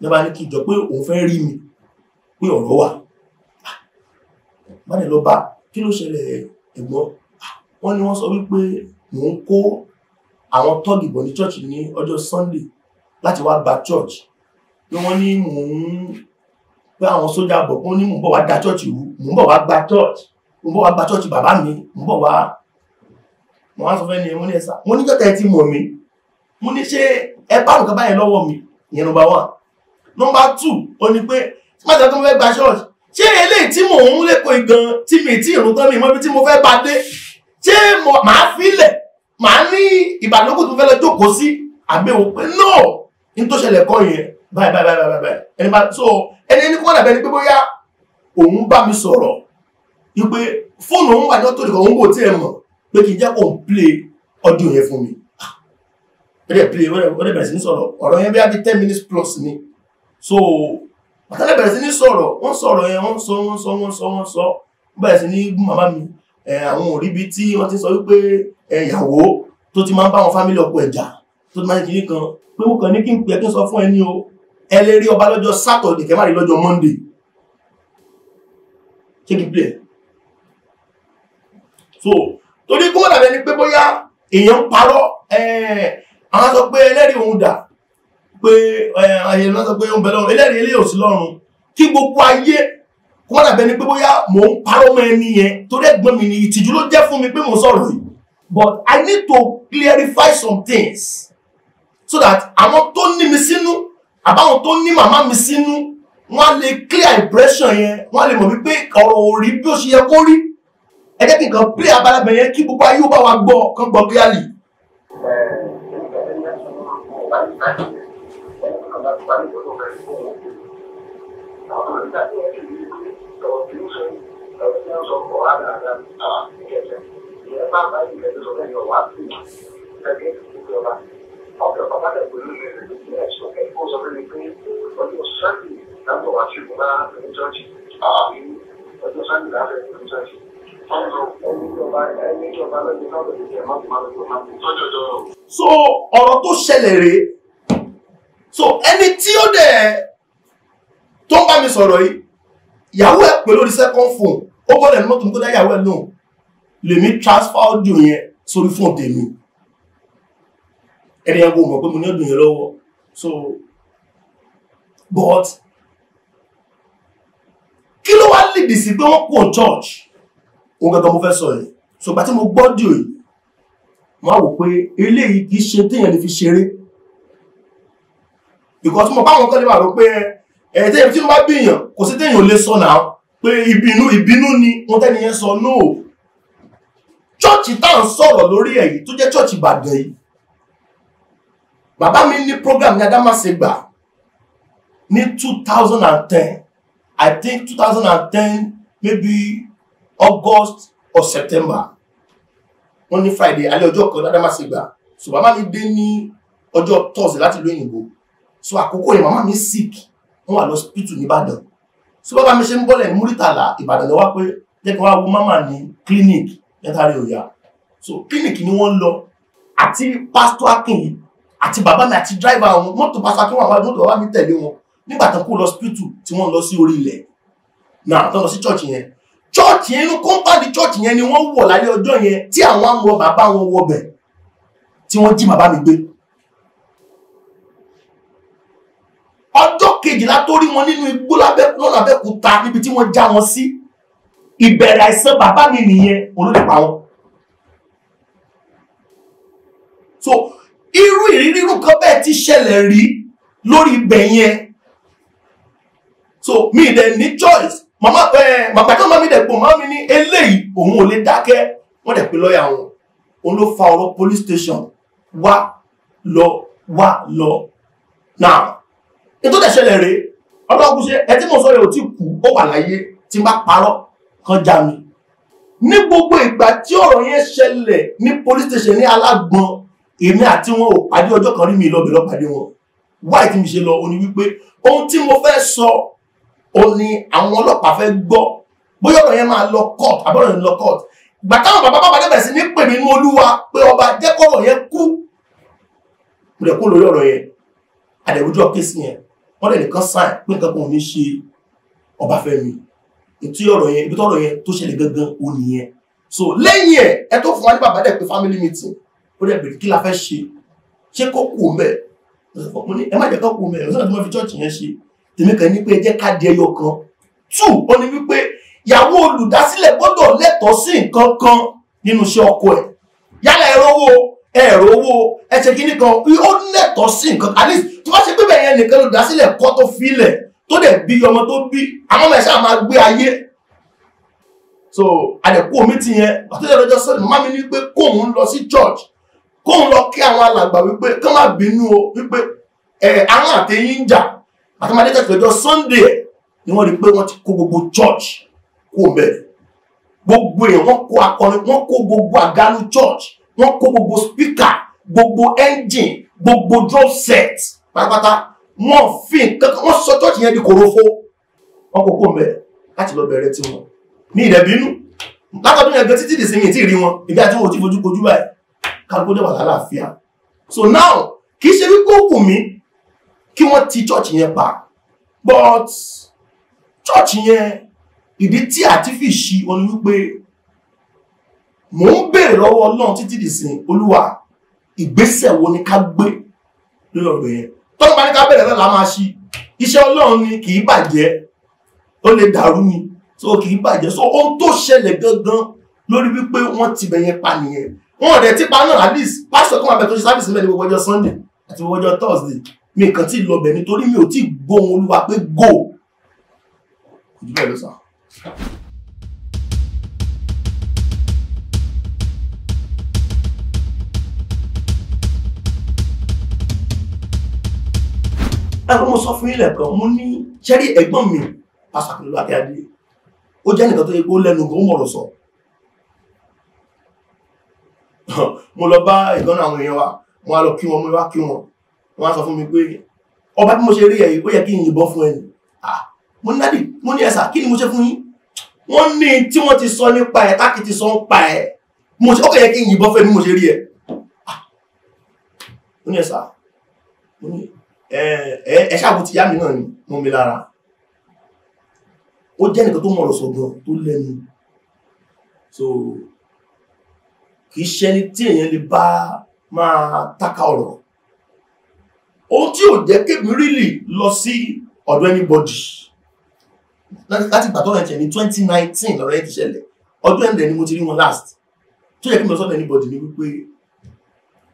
A: ní bá ní kí jọ pé òun fẹ́ rí mi pé ọ̀rọ̀ wà báyìí lọ bá kí ló ṣẹlẹ̀ ẹ̀gbọ́n wọ́n ní wọ́n sọ wípé mò ń kó àwọn tọ́gìbọn ní chọ́ọ̀chì ní ọjọ́ Sunday láti wá gba church pé wọ́n ní mò ń pé àwọn sójà bọ̀ wọ́n ní mò ń bọ̀ wá da church rú mò ń bọ̀ wá gba church mò ń bọ̀ wá gba church bàbá mi mò ń bọ̀ wá mo wá sọ fẹ́ ni mo ní ẹ̀sà mo ní jọ́tẹ̀ ẹ ti mọ̀ mí mo ní ṣe ẹ bá nǹkan báyẹn lọ́wọ́ mi ìyẹn nọmba one nọmba two ó ní pé tí má jẹ́ tó fẹ́ gba church ṣé eléyìí tí mò ń mú lẹ́kọ̀ọ́ igan tí mi tí ìrún tán mi mọ́ bí tí mo fẹ́ bá dé ṣé màá filẹ̀ màá ní ìbàlókù tó fẹ́ lọ jókòó sí àbẹ̀wò pé náà. In tó ṣẹlẹ̀ kọ́ yẹn báyìí báyìí báyìí báyìí ẹni so ẹni ní kọ́nà bẹ́ẹ̀ ni pé bóyá òun bá mi sọ̀rọ̀ wípé fóònù òun wà ní ọ̀tọ̀ nìkan òun kò tiẹ̀ mọ̀ pé kì í jẹ́ kó n play audio yẹn fún mi ah, ó dẹ̀ play ó dẹ̀ bẹ̀rẹ̀ sí ní sọ̀rọ̀ ọ̀rọ̀ yẹn bí ten minutes plus ni so àtàlẹ́ bẹ̀rẹ̀ sí ní sọ̀rọ̀ wọ́n sọ̀rọ̀ yẹn wọ́n sọ wọ́n sọ wọ́n sọ wọ́n sọ bẹ̀rẹ̀ sí ní gún màmá mi eh, àwọn òrí bíi tí wọ́n ti sọ wípé eh, ìyàwó tó ti máa ń bá wọn fámílì ọkọ ẹ̀jà tó ti máa ṣe kìíní kan pé mo kàn ní kí n pè kí n sọ fún ẹ ní o ẹ lè rí ọba lọ́jọ́ sátọ̀dẹ̀ kẹ́ má rí lọ́jọ́ mọ́ndé ṣé kí n pè ẹ́ so torí kó dàbẹ́ ni pé bóyá èèyàn parọ́ àwọn sọ pé ẹlẹ́rìí òun dà pé àyè náà sọ pé òun bẹ̀rẹ̀ òun ẹlẹ́rìí eléyìí ò sí lọ́run kí gbogbo ayé kó dàbẹ́ ni pé bóyá mò ń parọ́ mọ́ ẹni yẹn torí ẹ̀gbọ́n mi ni ìtìjú ló jẹ́ fún mi pé mò ń sọ̀rọ̀ yìí but I need to clarify some things so that àwọn tó ní mi sínú àbáwọn tó ní màmá mi sínú wọ́n á lè clear impression yẹn wọ́n á lè mọ̀ wípé ọ̀rọ̀ ò rí bí ó ṣe yẹ kó rí ẹ jẹ́ kí nǹkan play abalabẹ̀ yẹn kí gbogbo ayé ó bá wa gbọ́ kán gbọ́ clearly. Thank you proprio papà quello del suo tempo, saprebbe che quando sai tanto la circolare, non so ci spavi, quando sai la non so ci so ọ̀rọ̀ tó ṣẹlẹ̀ rèé so ẹni tí ó dẹ̀ tó ń bá mi sọ̀rọ̀ yìí ìyàwó ẹ̀ pè lórí second phone ó gbọ́dọ̀ ní mọ́tò ní kó dá ìyàwó ẹ̀ lóhùn lèmi transfer audio yẹn sórí fóònù tèmi ẹni yẹn kò pé mo ní ọdún yẹn lọ́wọ́ so but kí ló wá lèdì sí pé wọ́n kò church òun gangan mo fẹ́ sọ yìí ṣùgbọ́n tí mo gbọ́ dì òyìn mo á wò pé eléyìí kì í ṣe téèyàn lè fi ṣeré because mo báwọn kan lè máa rò pé ẹ̀ téèyàn tí mo bá bìyàn kò sí téèyàn lè sọ náà pé ìbínú ìbínú ni wọ́n tẹ́ni yẹn sọ no church tá à ń sọ̀rọ̀ lórí èyí tó jẹ́ church Ìbàdàn yìí bàbá mi ní program ní Adámásegbà ní two thousand and ten I think two thousand and ten maybe August or September wọ́n ní Friday alẹ́ ọjọ́ kan ní Adámásegbà so bàbá mi dé ní ọjọ́ Thursday láti ìlú òyìnbó so àkókò yẹn màmá mi sick wọ́n wà lọ hospital nìbàdàn so bàbá mi ṣe ń bọ́lẹ̀ ní Ìbàdàn lọ́wọ́ pé jẹ́ kí mama ní clinic yẹn tá a rí so clinic ni wọ́n lọ àti pastor akin yìí àti bàbá mi àti dráìvà wọn mọ́tò pásá kí wọ́n àwọn mọ́tò bàbá mi tẹ̀lé wọn nígbà tán kó lọ spiritu tí wọ́n lọ sí orí ilẹ̀ náà tán lọ sí church yẹn church yẹn inú kọ́ńpáàdì church yẹn ni wọ́n wọ̀ lálẹ́ ọjọ́ yẹn tí àwọn amúrọ̀ bàbá wọn wọbẹ̀ tí wọ́n jí bàbá mi gbé ọjọ́ kejìlá tó rí wọn nínú igbó lọ́nà Abẹ́òkúta níbi tí wọ́n já wọn sí ìbẹ̀rẹ̀ àìsàn bàbá mi nìyẹn olólùpàá wọn so irú ìrírí irú kan bẹ́ẹ̀ ti ṣẹlẹ̀ rí lórí ibẹ̀ yẹn so mi dẹ̀ ní choice màmá ẹ màmá kan máa mi dẹ̀ pò máa mi ní eléyìí òun ò lè dákẹ́ wọ́n dẹ̀ pé lọ́ọ̀yà wọn òun ló fa ọ̀rọ̀ police station wá lọ wá lọ now ètò dẹ̀ ṣẹlẹ̀ rèé ọlọ́gùn ṣe ẹ tí mo sọ rẹ̀ ò tí kú ó wà láyé tí n bá parọ́ kan já mi ní gbogbo ìgbà tí ọ̀rọ̀ yẹn ṣẹlẹ̀ ní police station ní alágbọ̀n èmi àti wọn ò pàdé ọjọ́ kan rí mi lọ́bẹ̀ lọ́pàdé wọn wáì tí mi ṣe lọ òní wípé ohun tí mo fẹ́ sọ òní àwọn ọlọ́pàá fẹ́ gbọ́ bóyá ọ̀rọ̀ yẹn máa lọ court àbọ̀rọ̀ yẹn lọ court ìgbà táwọn bàbá bàbá dẹ̀bẹ̀ sí ní pè mí ní olúwa pé ọba jẹ́ kọ́rọ̀ yẹn kú mo dẹ̀ kó lórí ọ̀rọ̀ yẹn àdẹ̀wójú ọ̀kẹ́sì yẹn wọ́n dẹ̀ nìkan sáà pé nǹkan kan ò ní ṣe ọba fẹ́ mi ètí ọ̀rọ̀ yẹn ibi tọ́rọ̀ yẹn tó ṣẹlẹ̀ gangan ò nìyẹn so lẹ́yìn ẹ̀ ẹ tó fún wa ní bàbá dẹ̀ pé family meeting ó dẹ̀ bèrè kí la fẹ́ ṣe ṣé kó kù mẹ́ mo ní ẹ má jẹ́ kó kù mẹ́ ẹ̀ sọ́dọ̀ tí wọ́n fi chọ́ọ̀chì yẹn ṣe tèmi kàn ní pé jẹ́ ká di ẹyọ kan two ó ní wípé ìyàwó olùdásílẹ̀ gbọ́dọ̀ lẹ́tọ̀ọ́ sí nǹkan kan nínú iṣẹ́ ọkọ ẹ̀ yálà ẹ̀rọ owó ẹ̀rọ owó ẹ̀ṣẹ̀ kìíní kan ó lẹ́tọ̀ọ́ sí nǹkan at least tí wọ́n ṣe pé bẹ́ẹ̀ yẹn nìkan olùdásílẹ̀ kọ́ tó filẹ̀ tó dẹ̀ bí ọmọ tó bí àwọn ọmọ ẹ̀ ṣáà máa gbé ayé so àdẹ̀kù omi ti yẹn àtúnṣe lọ́jọ́ sọ́ọ̀dì màmá mi ní pé kóun lọ sí church kóun lọ kí àwọn alàgbà wípé kán má bínú o wípé ẹ àwọn àtẹyìn ń jà àtàmàdé tẹ̀síwájọ́ sunday ẹ̀ ni wọ́n rí pé wọ́n ti kó gbogbo church kó bẹ́ẹ̀ gbogbo èèyàn wọ́n kó akọrin wọ́n kó gbogbo àgánú church wọ́n kó gbogbo speaker gbogbo engine gbogbo drum set pátápátá wọ́n fi nǹkan wọ́n sọ church yẹn di kòròfo wọ́n kó kó bẹ́ẹ̀ láti lọ bẹ̀rẹ̀ tiwọn ní ìdẹ̀bínú látọdún yẹn gan títí dìsinmi tí ì rí wọn ìgbà tí wọn ò ti fojú kojú báyìí kálukú dẹ̀ wà lálàáfíà so now kì í ṣe wípé ó wù kí wọ́n ti chọ́ọ̀chì yẹn pa but chọ́ọ̀chì yẹn ìdí tí àti fi ṣí oní wípé mò ń béèrè lọ́wọ́ ọlọ́run títí dìsìn olúwa ìgbésẹ̀ wo ni ká gbé lórí ọ̀rọ̀ yẹn tọ́lọ́ bá ní ká bẹ̀rẹ̀ náà la máa ṣí iṣẹ́ ọlọ́run ni kì í bàjẹ́ ó lè dàrú ni so kì í bàjẹ́ so ohun tó ṣẹlẹ̀ gangan lórí wípé wọ́n ti bẹ̀yẹn pa nìyẹn wọn ò dẹ̀ tipa náà at least pásítọ̀ kan wà bẹ̀ tó ṣe sábìsì mẹ́rin gbogbo ọjọ́ sunday àti gbogbo ọjọ́ thursday mi kàn tí ì lọ bẹ̀ nítorí mi ò tí ì gbóhùn olúwa pé go kò jù bẹ́ẹ̀ lọ sà. ẹ̀rọ mo sọ fún yín lẹ́ẹ̀kan mo ní ṣẹ́rí ẹ̀gbọ́n mi pásítọ̀ kan lọ́wọ́ adé adé ó jẹ́ nìkan tó yẹ kó lẹ́nu kó mọ̀rọ̀ sọ̀rọ̀ mo lọ bá ìgbọ́nà àwọn èèyàn wa wọn á lọ kí wọn mo wá kí wọn wọn á sọ fún mi pé ọba bí mo ṣe rí ẹ̀ ó yẹ kí n yìnbọn fún ẹ nì ah, mo ní dádì mo ní ẹ̀sà kí ni mo ṣe fún yín wọ́n ní tí wọ́n ti sọ nípa ẹ̀ táàkì ti sọ ń pa ẹ̀ mo ṣe ó kẹ̀ yẹ kí n yìnbọn fún ẹ mo ṣe rí ẹ̀ ah, mo ní ẹ̀sà mo ní ẹ̀ ṣáàbù ti yá mi náà ni mo mi lára ó jẹ́ nìkan tó mọ̀rọ̀ sọ̀gbọ̀n tó lẹ́nu so kì í ṣe ẹni tí èèyàn lè bá máa taka ọ̀rọ̀ ohun tí ò jẹ́ kébì rìlì lọ sí ọ̀dọ̀ anybody láti ìgbà tó rẹ̀ jẹ́ ní 2019 lọ́rọ̀ ẹ̀ ti ṣẹlẹ̀ ọdún ẹ̀ndẹ̀ ni mo ti rí wọn last tó yẹ kí mo sọ́dọ̀ anybody ni wípé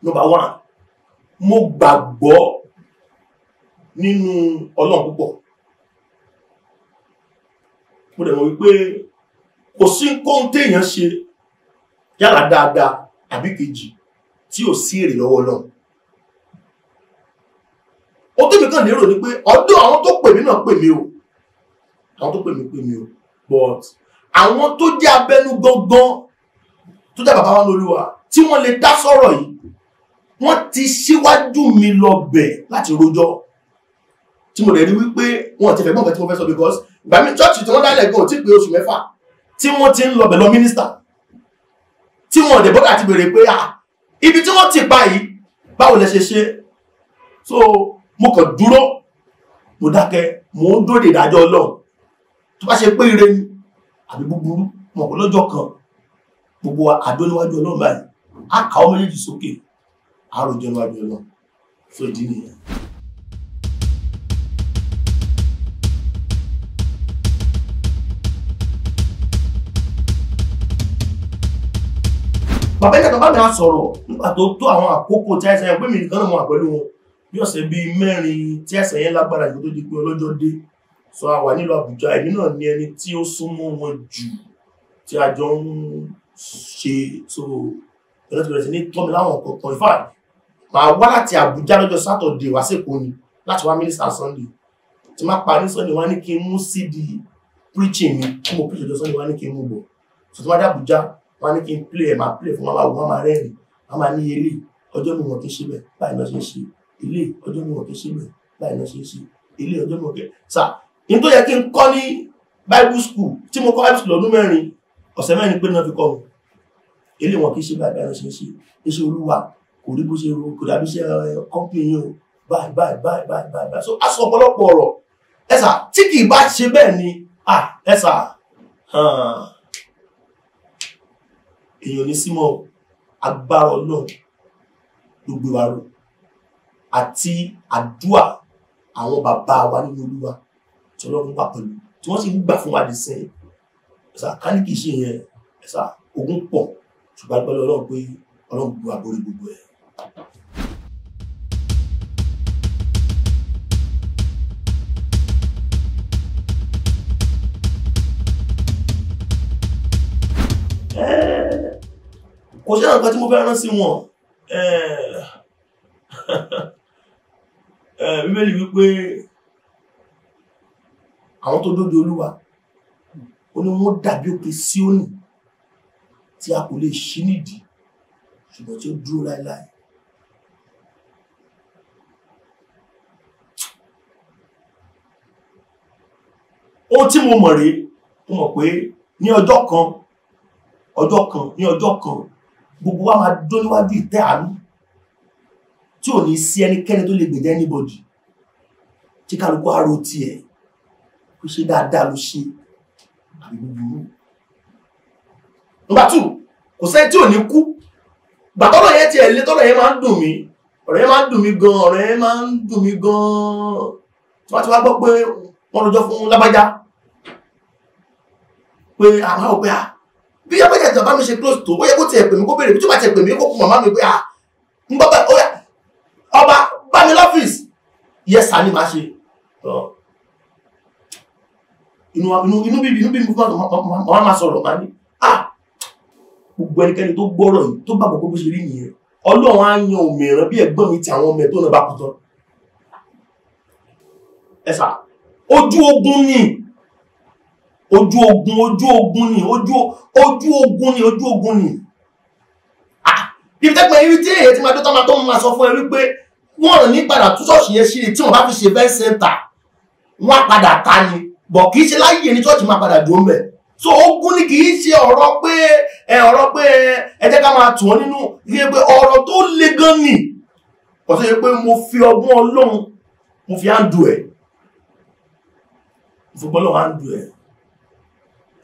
A: number one mo gbàgbọ́ nínú ọlọ́run púpọ̀ mo dẹ̀ mọ̀ wípé kò sí kóhun téèyàn ṣe yálà dáadáa àbí kejì tí ò sí èrè lọ́wọ́ náà ó tẹ́mi kàn lérò ni pé ọdún àwọn tó pè mí náà pè mí o àwọn tó pè mí pè mí o but àwọn tó jẹ́ abẹnú gangan tó jẹ́ bàbá wa lóluwa tí wọ́n lè dá sọ̀rọ̀ yìí wọ́n ti síwájú mi lọ bẹ̀ láti rojọ́ tí mo lè rí wípé wọn ti fẹ́ gbọ́n kan tí mo fẹ́ sọ because ìgbà mi church tí wọ́n dálẹ̀ gan ò tí pé oṣù mẹ́fà tí wọ́n ti ń lọ bẹ̀ lọ minister tí wọn dẹ̀ bọ́dà ti bèrè pé à ah, ibi tí wọ́n ti pa yìí báwo lẹ ṣe ṣe so mo kàn dúró mo dákẹ́ mo ń dóde ìdájọ́ ọlọ́run tó bá ṣe pé ire ni àbí búburú mọ̀ pé lọ́jọ́ kan gbogbo àdó níwájú ọlọ́run báyìí á kà ọ́ méjèèjì sókè àròjọ níwájú ọlọ́run fún ìdí nìyẹn. bàbá ìkàtà bá mi á sọ̀rọ̀ nígbà tó tó àwọn àkókò tí ẹsẹ̀ yẹn pé mi nìkan náà mọ̀ pẹ̀lú wọn bí ọ̀sẹ̀ bíi mẹ́rin tí ẹsẹ̀ yẹn lágbára ìlú tó di pé ọlọ́jọ́ dé sọ a wà nílùú Àbújá èmi náà ní ẹni tí ó súnmọ́ wọn jù tí a jọ ń ṣe tó ẹlẹ́tìrẹsì ní tọ́mi láwọn kọ̀ọ̀kan ìfà màá wá láti Àbújá lọ́jọ́ sátọ̀dé wá sèkó ni láti wá mínísítà Sunday tí má parí Sunday wá ní kí n mú sídìí preaching mi tí mo preach ọjọ́ Sunday wá ní kí n mú bọ̀ sọ tí wá dé Àbújá wọn ní kí n play ẹ máa play fún wọn máa wọ wọn máa rẹ́rìn wọn máa ní ilé ọjọ́ mi wọn kì í ṣe bẹ́ẹ̀ báyìí lọ ṣe ilé ọjọ́ mi wọn kì í báyìí lọ ṣe ilé ọjọ́ mi wọn kì í ní tó yẹ kí n kọ́ ní bible school tí mo kọ́ bible school ọdún mẹ́rin ọ̀sẹ̀ mẹ́rin pé náà fi kọ́ mi ilé wọn kì í ṣe báyìí lọ ṣe é iṣẹ́ olúwa kò rí bó ṣe ro kò dàbí so aṣọ ọ̀pọ̀lọpọ̀ ọ̀rọ̀ ẹ̀sà tí kì ṣe bẹ́ẹ̀ ah ẹ̀sà hàn èèyàn ní símọ́ agbára ọlọ́run ló gbé wa ró àti àdúà àwọn bàbá wa nínú olúwa tí ọlọ́run wà pẹ̀lú tí wọ́n sì ń gbà fún wa dì sẹ́yìn ẹ̀sà kálíkì yẹn ẹ̀sà ogun pọ̀ ṣùgbọ́n agbára ọlọ́run pé ọlọ́run gbọ́ àbórí gbogbo ẹ̀. kò sí àwọn nǹkan tí mo fẹ́ rán sí wọn bíbélì wípé àwọn tó dóde olúwa ó ní wọ́n dàbí òkè síónì tí a kò lè ṣí nídìí ṣùgbọ́n tí ó dúró láéláé ohun tí mo mọ̀ rèé mo mọ̀ pé ní ọjọ́ kan ọjọ́ kan ní ọjọ́ kan gbogbo wa máa dó níwájú ìtẹ́ àánú tí ò ní sí ẹnikẹ́ni tó lè gbèjà anybody tí kálukú aró tiẹ̀ kó ṣe dáadáa ló ṣe àbí búburú. Number two kò sẹ́ni tí ò ní kú gbàtọ́lọ̀ yẹn tiẹ̀ lé tọ́lọ̀ yẹn máa ń dùn mí ọ̀rọ̀ yẹn máa ń dùn mí gan ọ̀rọ̀ yẹn máa ń dùn mí gan tí wọ́n ti wá gbọ́ pé wọ́n lọ́jọ́ fún lágbájá pé àwọn àwọn pé à ah, bí abẹ́jẹ̀ ìjọba mi ṣe close tó ó yẹ kó tiẹ̀ pè mí kó béèrè bí tí ó bá tiẹ̀ pè mí kó kún màmá mi pé ah ń bọ́ bẹ́ẹ̀ ó yà ọba bá mi lọ́fíìsì yẹ sá ni màá ṣe inú inú bíbí inú bíbí fún àwọn máa sọ̀rọ̀ bá ní ah gbogbo ẹnikẹ́ni tó gbọ́rọ̀ yìí tó gbàgbọ́ bó ṣe rí nìyẹn ọlọ́run á yan òmìnira bí ẹ̀gbọ́n mi ti àwọn ọmọ ẹ̀ tó náà bá kú tán ẹ̀sà ojú ogun ni ojú ogun ojú ogun ni ojú ojú ogun ni ojú ogun ni ibi ah, tẹ́pẹ́ ibi tí èyí ti máa dọ́tọ́ máa tó máa sọ fún ẹ wípé wọ́n rìn ní padà tú ṣọ́ọ̀ṣì yẹn ṣíre tí wọ́n bá fi ṣe bẹ́ẹ̀ sẹ́ńtà wọ́n á padà ta ni bọ̀ kì í ṣe láyé ní ṣọ́ọ̀ṣì máa padà dùn bẹ̀ so ogun ni kì í ṣe ọ̀rọ̀ pé ẹ ọ̀rọ̀ pé ẹ jẹ́ ká máa tù wọ́n nínú yẹ pé ọ̀rọ̀ tó le gan ni ọ̀sẹ̀ yẹ pé mo fi ọgbọ́n ọlọ́run mo fi á ń du ẹ̀ mo fi ọgbọ́n ọlọ́run á ń du ẹ̀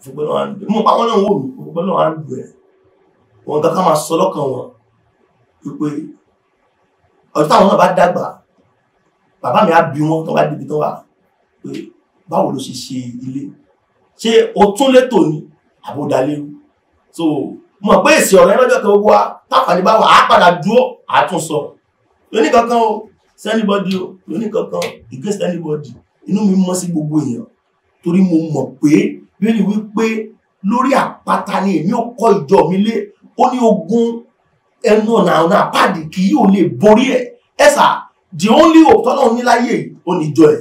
A: ṣùgbọ́n náà mú àwọn ẹ̀ wọn kankan máa sọ lọ́kàn wọn wípé ọjọ́ táwọn náà bá dàgbà bàbá mi á bí wọn tó bá débi tó wà pé báwo ló ṣe ṣe ilé ṣé o tún létò ni àbòdàlérú so mọ̀ pé èsì ọ̀rọ̀ ẹlọ́jọ́ tó wá táfàní bá wà á padà dúró àtúnsọ lóníkankan o sẹ́nibọ́dì o lóníkankan against anybody inú mi mọ́ sí gbogbo èèyàn torí mo mọ̀ pé bíbélì wípé lórí àpáta ni èmi ò kọ́ ìjọ mi lé ó ní ogun ẹnu ọ̀nà ọ̀nà àpáàdì kì yóò lè borí ẹ̀ ẹ̀sà the only hope tọ́lọ́ ní láyé ò ní jọ ẹ̀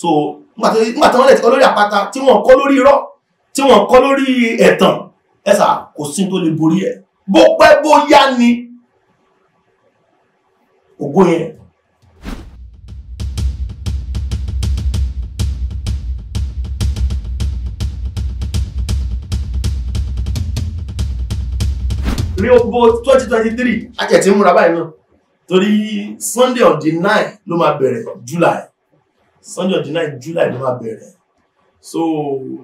A: so nígbà tí wọ́n lè kọ́ lórí àpáta tí wọ́n kọ́ lórí irọ́ tí wọ́n kọ́ lórí ẹ̀tàn ẹ̀sà kò sí tó lè borí ẹ̀ bó pẹ́ bó yá ni ògo yẹn ní ogbó twenty twenty three àjẹtí múra báyìí náà torí sunday on the nine ló máa bẹ̀rẹ̀ july sunday on the nine july ló máa bẹ̀rẹ̀ so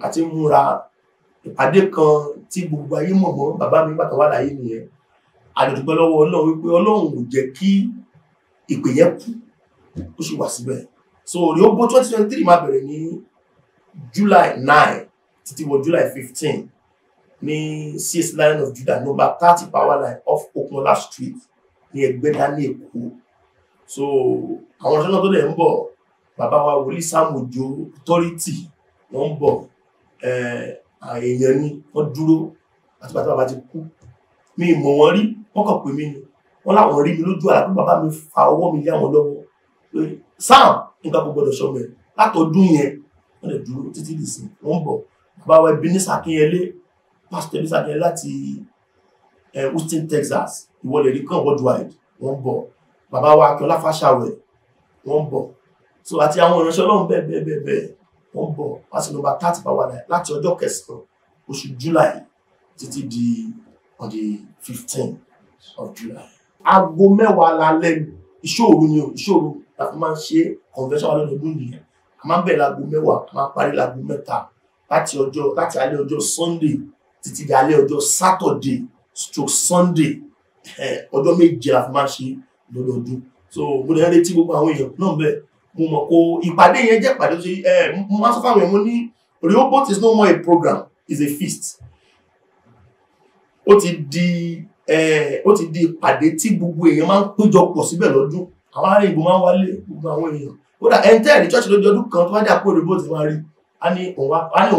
A: àti múra ìpàdé kan tí gbogbo ayé mọ̀ mọ́ bàbá mi bàtà wà láyé nìyẹn àdùdùgbẹ́ lọ́wọ́ ọlọ́run wípé ọlọ́run ò jẹ́ kí ìpè yẹn kú ó sì wà síbẹ̀ so ní ogbó twenty twenty three máa bẹ̀rẹ̀ ní july nine títí wọ july fifteen ní six line of Judah number thirty power line off Okunola street ní Ẹgbẹ́dá ní Èkó so àwọn ọ̀ṣẹ́ náà tó dẹ̀ ń bọ̀ bàbá wa wòlíì Sam authority wọ́n ń bọ̀ èèyàn ni wọ́n dúró àti bàtà bàbá ti kú mi ìmọ̀ wọn rí wọ́n kàn pè mí ni wọ́n láwọn rí mi lójú àlá pé bàbá mi fa ọwọ́ mi lé àwọn lọ́wọ́ Sam nígbà gbogbo ọ̀dọ̀ sọ́mọ ẹ̀ látọdún yẹn wọ́n lè dúró títí dìsìn wọ́n ń bọ̀ bàbá wa Ebenezer Akinyele Pastor ẹ̀mí sàdé láti Houston Texas ìwọlẹ̀ rí kàn worldwide wọ́n ń bọ̀ bàbá wa akínọlá fàṣàwẹ̀ wọ́n bọ̀ so àti àwọn ìránṣẹ́ ọlọ́run bẹ́ẹ̀ bẹ́ẹ̀ bẹ́ẹ̀ bẹ́ẹ̀ wọ́n ń bọ̀ láti nọ́mbà thirty power nine láti ọjọ́ kẹsàn-án oṣù July títí di on the fifteen of July. aago mẹ́wàá lálẹ́ ìṣòro ni o ìṣòro tàbí máa ń ṣe convention wa lọ́dọọdún nìyẹn a máa ń bẹ̀rẹ̀ láago mẹ́wàá a máa parí láago mẹ́ta láti ọjọ́ láti alẹ́ ọjọ́ Sunday títí di alẹ́ ọjọ́ Saturday stroke Sunday ọjọ́ méje la fi máa ṣe lọ́dọọdún so mo lè retí gbogbo àwọn èèyàn náà bẹ́ẹ̀ mo mọ̀ kó ìpàdé yẹn jẹ́ ìpàdé tó ṣe mo máa sọ fáwọn èèyàn mo ní Rehoboth is no more a program is a feast ó ti di ó ti di ìpàdé tí gbogbo èèyàn máa ń péjọ pọ̀ síbẹ̀ lọ́dún àwọn ará ìgbò máa ń wálé gbogbo àwọn èèyàn kódà ẹ̀ńtẹ́ẹ̀rì church lójú ọdún kan tó wájà pé Rehoboth máa rí a ní òun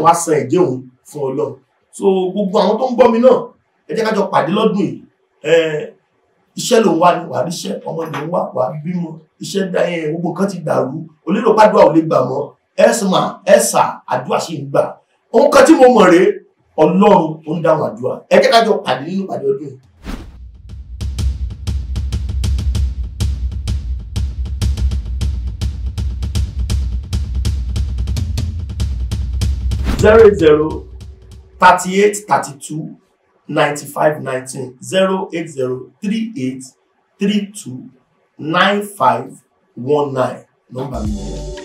A: wá san ẹ̀jẹ̀ òun fún Ọlọ́run so gbogbo àwọn tó ń gbọ́ mi náà ẹ jẹ́ kájọ pàdé lọ́dún yìí iṣẹ́ ló ń wá ní wàá ríṣẹ́ ọmọ ló ń wá wàá bímọ iṣẹ́ dáyẹn gbogbo kan ti dàrú olérò pàdúrà ò lè gbà mọ́ ẹ̀sìnmà ẹ̀sà àdúrà ṣì ń gbà ohun kan tí mo mọ̀ rèé ọlọ́run ó ń dáhùn àdúrà ẹ jẹ́ kájọ pàdé nínú pàdé ọdún zero zero thirty eight thirty two ninety five nineteen zero eight zero three eight three two nine five one nine nọ́mbà